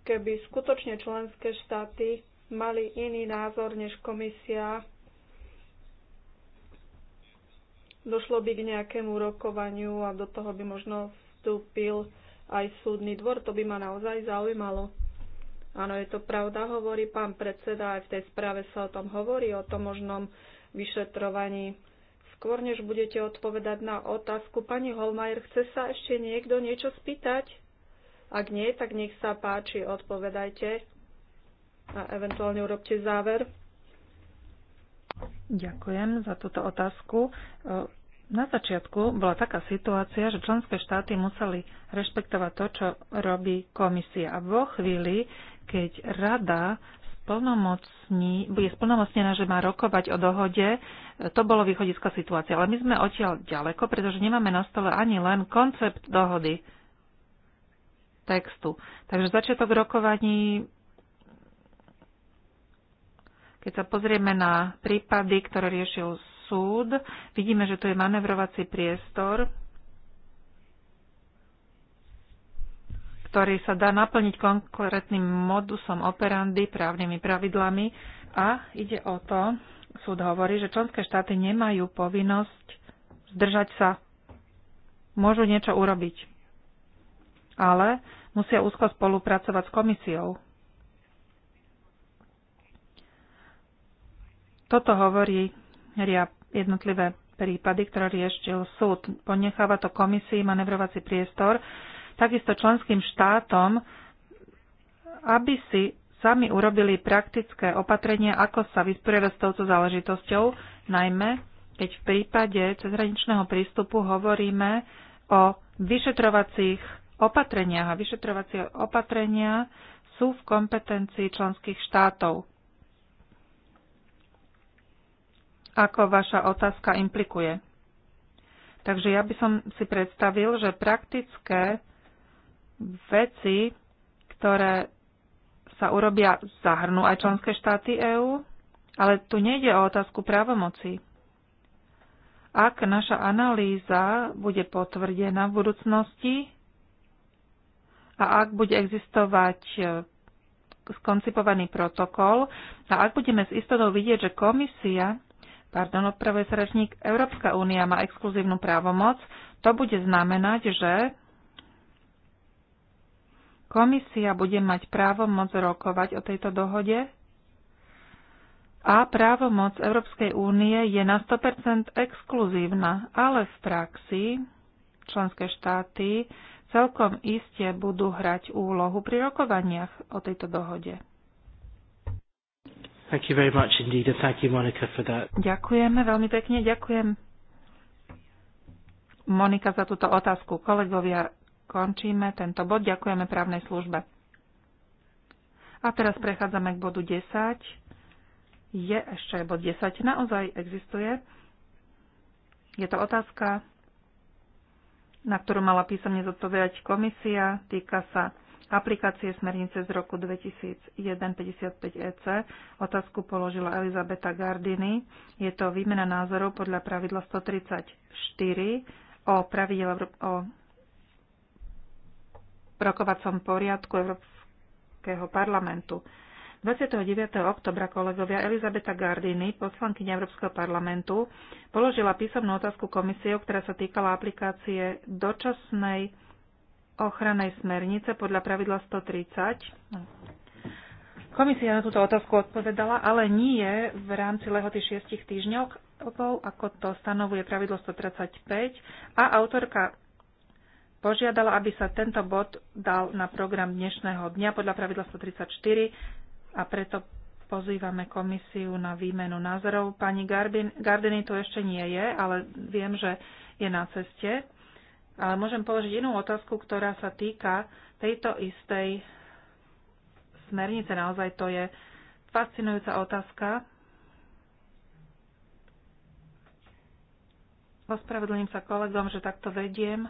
keby skutočne členské štáty mali iný názor než komisia. Došlo by k nejakému rokovaniu a do toho by možno vstúpil aj súdny dvor. To by ma naozaj zaujímalo. Áno, je to pravda, hovorí pán predseda, aj v tej správe sa o tom hovorí, o tom možnom vyšetrovaní. Skôr než budete odpovedať na otázku, pani Holmajer, chce sa ešte niekto niečo spýtať? Ak nie, tak nech sa páči, odpovedajte a eventuálne urobte záver. Ďakujem za túto otázku. E, na začiatku bola taká situácia, že členské štáty museli rešpektovať to, čo robí komisia. A vo chvíli, keď rada splnomocní, bude splnomocnená, že má rokovať o dohode, e, to bolo východiska situácia. Ale my sme odtiaľ ďaleko, pretože nemáme na stole ani len koncept dohody textu. Takže začiatok rokovaní keď sa pozrieme na prípady, ktoré riešil súd, vidíme, že tu je manevrovací priestor, ktorý sa dá naplniť konkrétnym modusom operandy, právnymi pravidlami a ide o to, súd hovorí, že členské štáty nemajú povinnosť zdržať sa. Môžu niečo urobiť. Ale musia úzko spolupracovať s komisiou. Toto hovorí jednotlivé prípady, ktoré riešil súd. Ponecháva to komisii manevrovací priestor, takisto členským štátom, aby si sami urobili praktické opatrenia, ako sa vysporiadať s touto záležitosťou, najmä keď v prípade cezhraničného prístupu hovoríme o vyšetrovacích opatreniach. A vyšetrovacie opatrenia sú v kompetencii členských štátov. ako vaša otázka implikuje. Takže ja by som si predstavil, že praktické veci, ktoré sa urobia, zahrnú aj členské štáty EÚ, ale tu nejde o otázku právomoci. Ak naša analýza bude potvrdená v budúcnosti a ak bude existovať e, skoncipovaný protokol a ak budeme s istotou vidieť, že komisia pardon, odpravuje sa rečník, Európska únia má exkluzívnu právomoc, to bude znamenať, že komisia bude mať právomoc rokovať o tejto dohode a právomoc Európskej únie je na 100% exkluzívna, ale v praxi členské štáty celkom iste budú hrať úlohu pri rokovaniach o tejto dohode. Thank you very much indeed and thank you Monica for that. Ďakujeme veľmi pekne, ďakujem Monika za túto otázku. Kolegovia, končíme tento bod. Ďakujeme právnej službe. A teraz prechádzame k bodu 10. Je ešte bod 10. Naozaj existuje. Je to otázka, na ktorú mala písomne zodpovedať komisia. Týka sa aplikácie smernice z roku 2001-55-EC. E otázku položila Elizabeta Gardini. Je to výmena názorov podľa pravidla 134 o, pravidel, o rokovacom poriadku Európskeho parlamentu. 29. oktobra kolegovia Elizabeta Gardini, poslankyňa Európskeho parlamentu, položila písomnú otázku komisiou, ktorá sa týkala aplikácie dočasnej ochranej smernice podľa pravidla 130. Komisia na túto otázku odpovedala, ale nie v rámci lehoty 6 týždňov, ako to stanovuje pravidlo 135 a autorka požiadala, aby sa tento bod dal na program dnešného dňa podľa pravidla 134 a preto pozývame komisiu na výmenu názorov. Pani Gardiny tu ešte nie je, ale viem, že je na ceste ale môžem položiť inú otázku, ktorá sa týka tejto istej smernice. Naozaj to je fascinujúca otázka. Ospravedlním sa kolegom, že takto vediem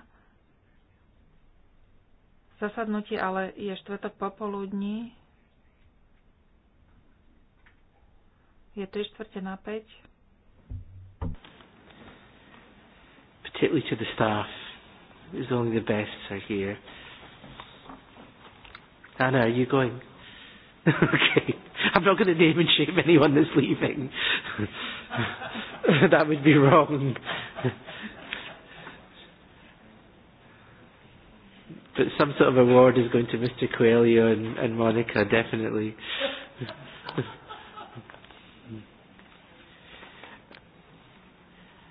zasadnutie, ale je štvrtok popoludní. Je 3 čtvrte na 5. Particularly to the staff is only the best are here. Anna, are you going? okay. I'm not going to name and shame anyone that's leaving. that would be wrong. but some sort of award is going to Mr. Coelho and, and Monica, definitely.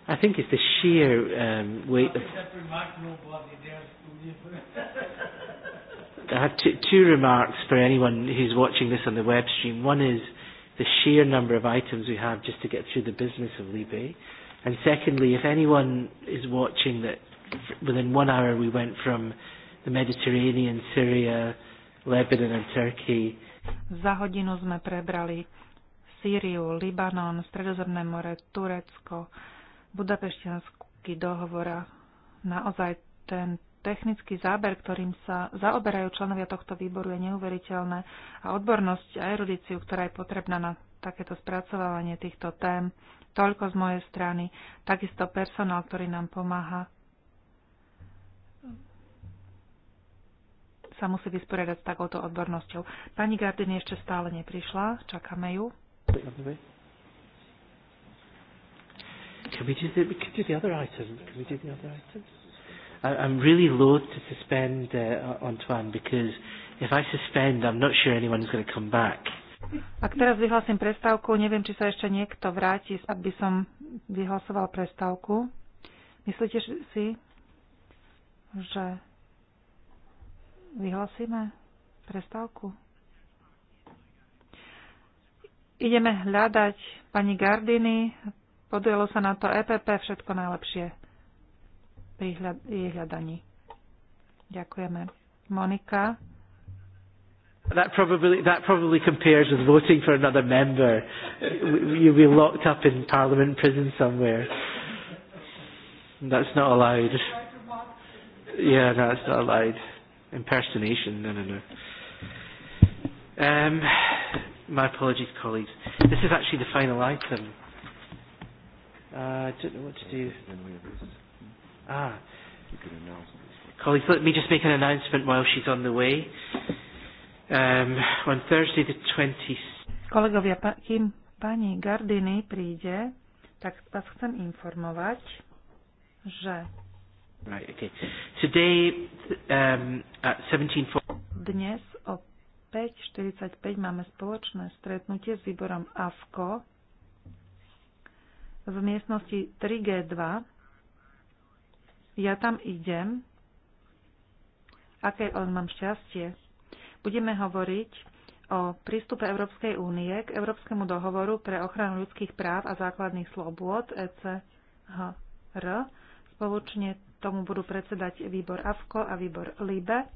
I think it's the sheer um, weight of. I have two, two remarks for anyone who's watching this on the web stream. One is the sheer number of items we have just to get through the business of Libé. And secondly, if anyone is watching that within one hour we went from the Mediterranean, Syria, Lebanon and Turkey. Za hodinu sme prebrali Sýriu, Libanon, Stredozemné more, Turecko, budapešťanský dohovor naozaj ten technický záber, ktorým sa zaoberajú členovia tohto výboru, je neuveriteľné a odbornosť a erudíciu, ktorá je potrebná na takéto spracovávanie týchto tém, toľko z mojej strany, takisto personál, ktorý nám pomáha, sa musí vysporiadať s takouto odbornosťou. Pani Gardini ešte stále neprišla, čakáme ju. Dobre. Can we do the, we can do the other item? Can we do the other item? I, I'm really loath to suspend uh, Antoine because if I suspend, I'm not sure anyone's going to come back. Ak teraz vyhlasím prestávku, neviem, či sa ešte niekto vráti, aby som vyhlasoval prestávku. Myslíte si, že vyhlasíme prestávku? Ideme hľadať pani Gardiny, Podujelo sa na to EPP všetko najlepšie pri jej hľadaní. Ďakujeme. Monika. That probably, that probably compares with voting for another member. You'll be locked up in Parliament prison somewhere. That's not allowed. Yeah, no, that's not allowed. Impersonation, no, no, no. Um, my apologies, colleagues. This is actually the final item. Uh, I what to do. Ah. Colleagues, let me just make an announcement while she's on the way. Um, on Thursday the 20 th Kolegovia, kým pani Gardiny príde, tak vás chcem informovať, že right, okay. Today, um, at 17... dnes o 5.45 máme spoločné stretnutie s výborom AFKO v miestnosti 3G2. Ja tam idem. Aké on mám šťastie. Budeme hovoriť o prístupe Európskej únie k Európskemu dohovoru pre ochranu ľudských práv a základných slobôd ECHR. Spoločne tomu budú predsedať výbor AFKO a výbor LIBE.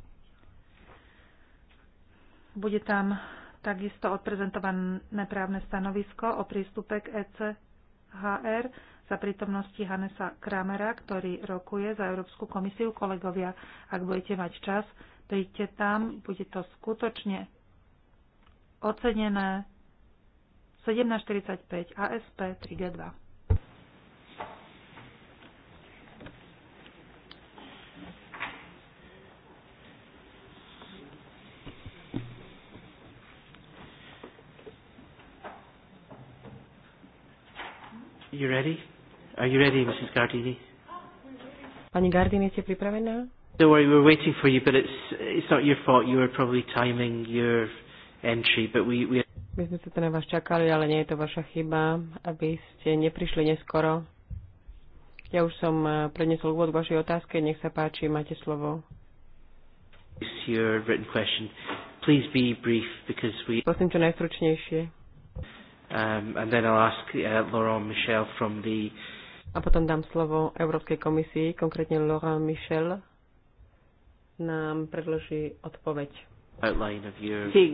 Bude tam takisto odprezentované právne stanovisko o prístupe k ECHR HR za prítomnosti Hanesa Kramera, ktorý rokuje za Európsku komisiu. Kolegovia, ak budete mať čas, príďte tam, bude to skutočne ocenené 1745 ASP 3G2. You ready? Are you ready, Mrs. Gardini? Pani Gardini, ste pripravená? Don't worry, we're waiting for you, but it's, it's not your fault. You were probably timing your entry, but we... we... My sme sa na vás čakali, ale nie je to vaša chyba, aby ste neprišli neskoro. Ja už som eh, prednesol úvod k vašej otázke, nech sa páči, máte slovo. Your written question. Please be brief, because we... Prosím čo najstručnejšie. Um, and then I'll ask uh, Laurent Michel from the a potom dám slovo Európskej komisii, konkrétne Laurent Michel nám predloží odpoveď. Sí,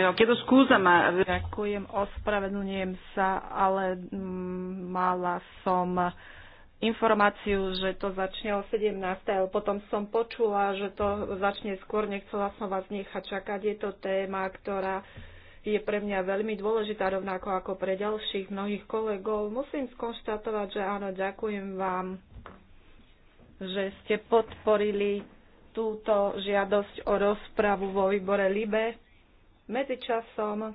no Ďakujem, ospravedlňujem sa, ale mm, mala som informáciu, že to začne o 17. ale potom som počula, že to začne skôr, nechcela som vás nechať čakať. Je to téma, ktorá je pre mňa veľmi dôležitá, rovnako ako pre ďalších mnohých kolegov. Musím skonštatovať, že áno, ďakujem vám, že ste podporili túto žiadosť o rozpravu vo výbore LIBE. Medzičasom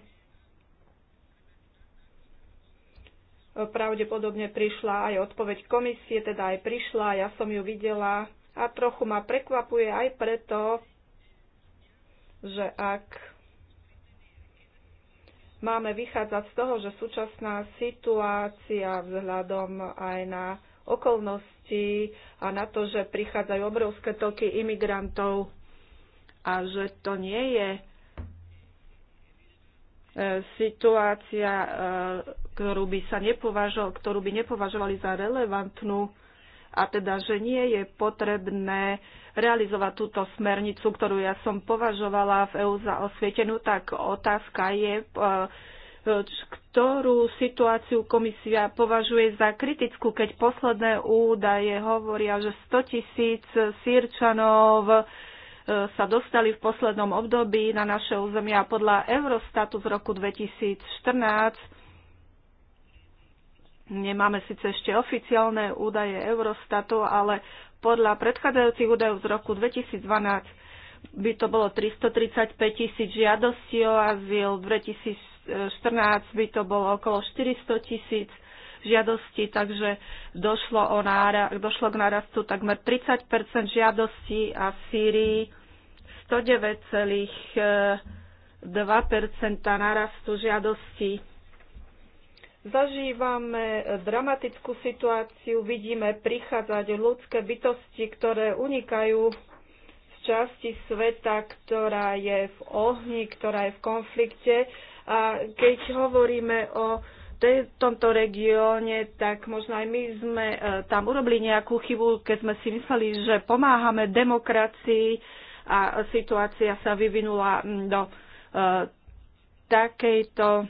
pravdepodobne prišla aj odpoveď komisie, teda aj prišla, ja som ju videla a trochu ma prekvapuje aj preto, že ak máme vychádzať z toho, že súčasná situácia vzhľadom aj na okolnosti a na to, že prichádzajú obrovské toky imigrantov a že to nie je e, situácia, e, ktorú by, sa nepovažo, ktorú by nepovažovali za relevantnú a teda, že nie je potrebné realizovať túto smernicu, ktorú ja som považovala v EÚ za osvietenú, tak otázka je, e, e, ktorú situáciu komisia považuje za kritickú, keď posledné údaje hovoria, že 100 tisíc sírčanov e, sa dostali v poslednom období na naše územia podľa Eurostatu z roku 2014 Nemáme síce ešte oficiálne údaje Eurostatu, ale podľa predchádzajúcich údajov z roku 2012 by to bolo 335 tisíc žiadostí o azyl, 2014 by to bolo okolo 400 tisíc žiadostí, takže došlo, o nára, došlo k nárastu takmer 30 žiadostí a v Sýrii 109,2 eh, narastu žiadostí. Zažívame dramatickú situáciu, vidíme prichádzať ľudské bytosti, ktoré unikajú z časti sveta, ktorá je v ohni, ktorá je v konflikte. A keď hovoríme o tomto regióne, tak možno aj my sme e, tam urobili nejakú chybu, keď sme si mysleli, že pomáhame demokracii a situácia sa vyvinula mm, do e, takejto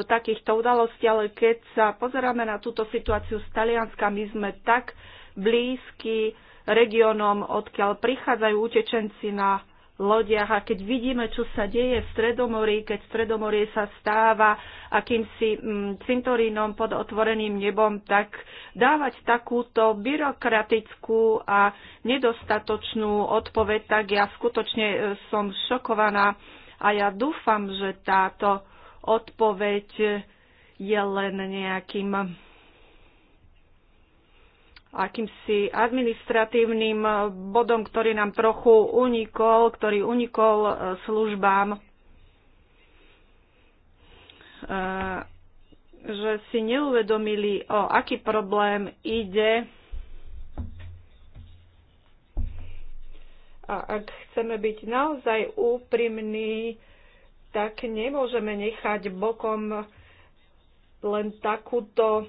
do takýchto udalostí, ale keď sa pozeráme na túto situáciu z Talianska, my sme tak blízky regiónom, odkiaľ prichádzajú utečenci na lodiach a keď vidíme, čo sa deje v Stredomorí, keď Stredomorie sa stáva akýmsi mm, cintorínom pod otvoreným nebom, tak dávať takúto byrokratickú a nedostatočnú odpoveď, tak ja skutočne e, som šokovaná a ja dúfam, že táto odpoveď je len nejakým akýmsi administratívnym bodom, ktorý nám trochu unikol, ktorý unikol e, službám, e, že si neuvedomili, o aký problém ide. A ak chceme byť naozaj úprimní, tak nemôžeme nechať bokom len takúto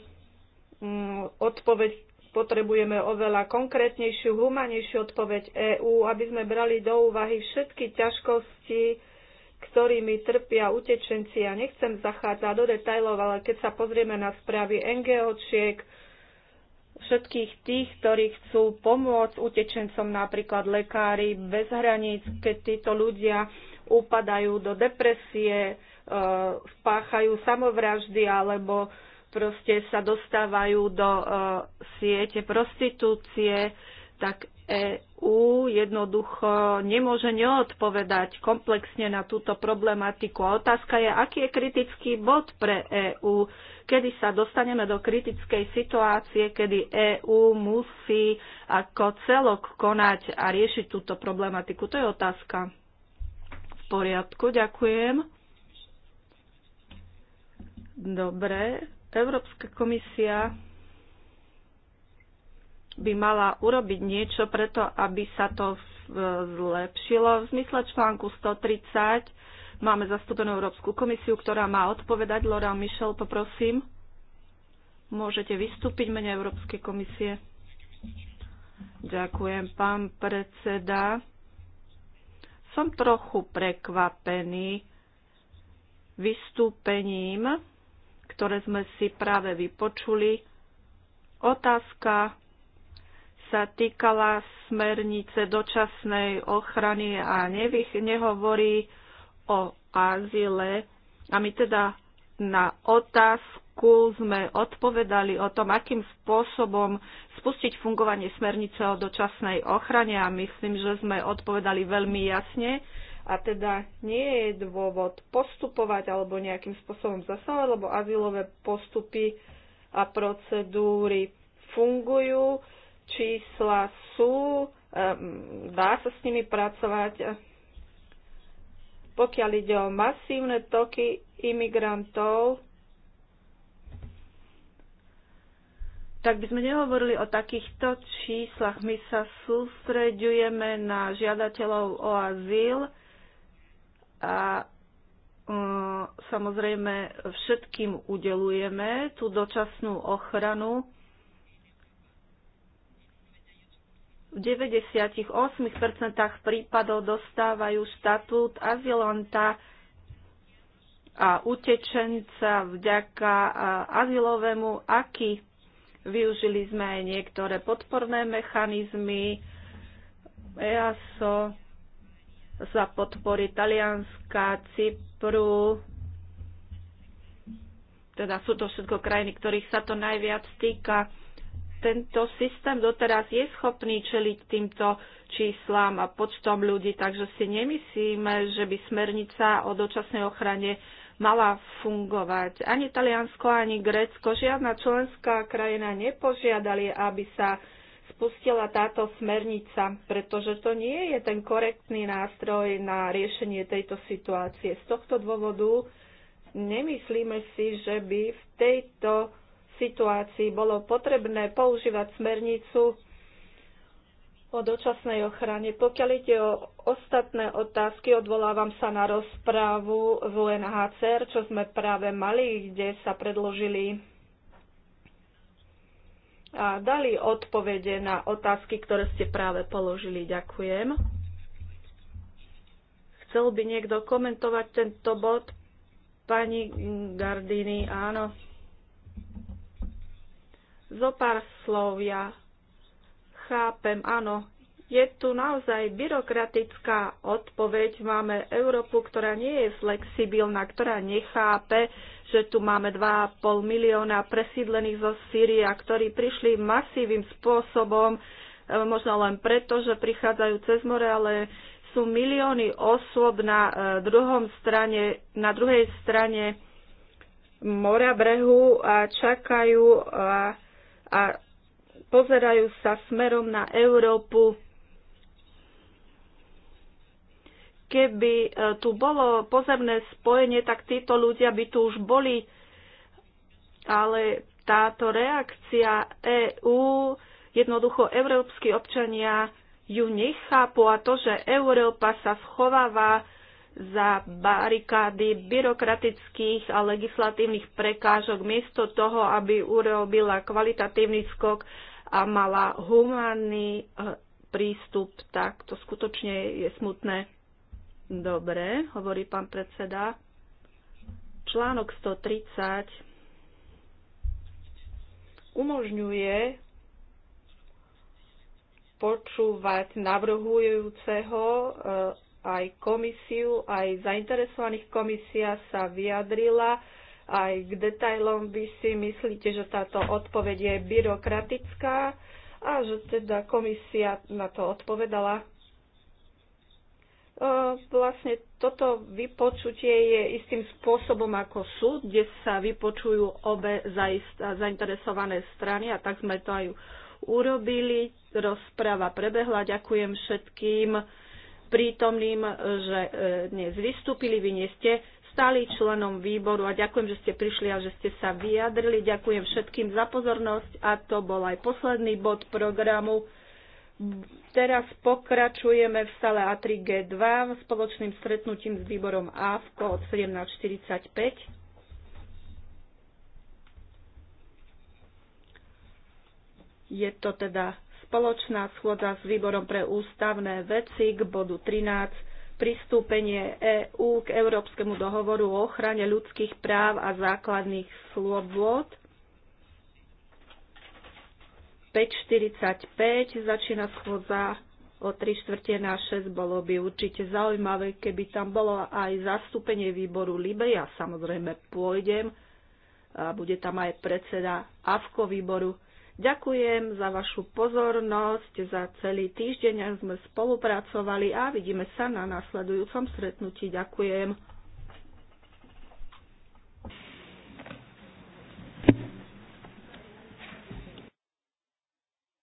mm, odpoveď. Potrebujeme oveľa konkrétnejšiu, humanejšiu odpoveď EÚ, aby sme brali do úvahy všetky ťažkosti, ktorými trpia utečenci. Ja nechcem zachádzať do detajlov, ale keď sa pozrieme na správy NGOčiek, všetkých tých, ktorí chcú pomôcť utečencom, napríklad lekári bez hraníc, keď títo ľudia upadajú do depresie, e, spáchajú samovraždy alebo proste sa dostávajú do e, siete prostitúcie, tak EÚ jednoducho nemôže neodpovedať komplexne na túto problematiku. A otázka je, aký je kritický bod pre EÚ, kedy sa dostaneme do kritickej situácie, kedy EÚ musí ako celok konať a riešiť túto problematiku. To je otázka poriadku, ďakujem. Dobre, Európska komisia by mala urobiť niečo preto, aby sa to zlepšilo. V zmysle článku 130 máme zastúpenú Európsku komisiu, ktorá má odpovedať. Laura Michel, poprosím. Môžete vystúpiť mene Európskej komisie. Ďakujem, pán predseda. Som trochu prekvapený vystúpením, ktoré sme si práve vypočuli. Otázka sa týkala smernice dočasnej ochrany a nevych, nehovorí o azile. A my teda na otázku, roku sme odpovedali o tom, akým spôsobom spustiť fungovanie smernice o dočasnej ochrane a myslím, že sme odpovedali veľmi jasne a teda nie je dôvod postupovať alebo nejakým spôsobom zasahovať, lebo azylové postupy a procedúry fungujú, čísla sú, ehm, dá sa s nimi pracovať. Pokiaľ ide o masívne toky imigrantov, tak by sme nehovorili o takýchto číslach. My sa sústreďujeme na žiadateľov o azyl a um, samozrejme všetkým udelujeme tú dočasnú ochranu. V 98% prípadov dostávajú štatút azylanta a utečenca vďaka azylovému aký Využili sme aj niektoré podporné mechanizmy EASO za podpory Talianska, Cypru. Teda sú to všetko krajiny, ktorých sa to najviac týka tento systém doteraz je schopný čeliť týmto číslam a počtom ľudí, takže si nemyslíme, že by smernica o dočasnej ochrane mala fungovať. Ani Taliansko, ani Grécko, žiadna členská krajina nepožiadali, aby sa spustila táto smernica, pretože to nie je ten korektný nástroj na riešenie tejto situácie. Z tohto dôvodu nemyslíme si, že by v tejto situácii bolo potrebné používať smernicu o dočasnej ochrane. Pokiaľ ide o ostatné otázky, odvolávam sa na rozprávu z UNHCR, čo sme práve mali, kde sa predložili a dali odpovede na otázky, ktoré ste práve položili. Ďakujem. Chcel by niekto komentovať tento bod? Pani Gardini, áno. Zo pár slov ja chápem, áno, je tu naozaj byrokratická odpoveď. Máme Európu, ktorá nie je flexibilná, ktorá nechápe, že tu máme 2,5 milióna presídlených zo Sýrie, ktorí prišli masívnym spôsobom, e, možno len preto, že prichádzajú cez more, ale sú milióny osôb na, e, druhom strane, na druhej strane mora brehu a čakajú a, a pozerajú sa smerom na Európu. Keby e, tu bolo pozemné spojenie, tak títo ľudia by tu už boli, ale táto reakcia EÚ, jednoducho európsky občania ju nechápu a to, že Európa sa schováva za barikády byrokratických a legislatívnych prekážok miesto toho, aby urobila kvalitatívny skok a mala humánny e, prístup, tak to skutočne je smutné. Dobre, hovorí pán predseda. Článok 130 umožňuje počúvať navrhujúceho e, aj komisiu, aj zainteresovaných komisia sa vyjadrila aj k detailom. Vy si myslíte, že táto odpoveď je byrokratická a že teda komisia na to odpovedala? E, vlastne toto vypočutie je istým spôsobom ako súd, kde sa vypočujú obe zainteresované strany a tak sme to aj urobili. Rozpráva prebehla. Ďakujem všetkým prítomným, že e, dnes vystúpili. Vy nie ste stali členom výboru a ďakujem, že ste prišli a že ste sa vyjadrili. Ďakujem všetkým za pozornosť a to bol aj posledný bod programu. Teraz pokračujeme v sale A3G2 spoločným stretnutím s výborom AFKO od 17.45. Je to teda spoločná schôdza s výborom pre ústavné veci k bodu 13 pristúpenie EÚ k Európskemu dohovoru o ochrane ľudských práv a základných slobôd. 5.45 začína schôdza o 3 čtvrte na 6 bolo by určite zaujímavé, keby tam bolo aj zastúpenie výboru Libe. Ja samozrejme pôjdem bude tam aj predseda AVKO výboru. Ďakujem za vašu pozornosť, za celý týždeň sme spolupracovali a vidíme sa na nasledujúcom stretnutí. Ďakujem.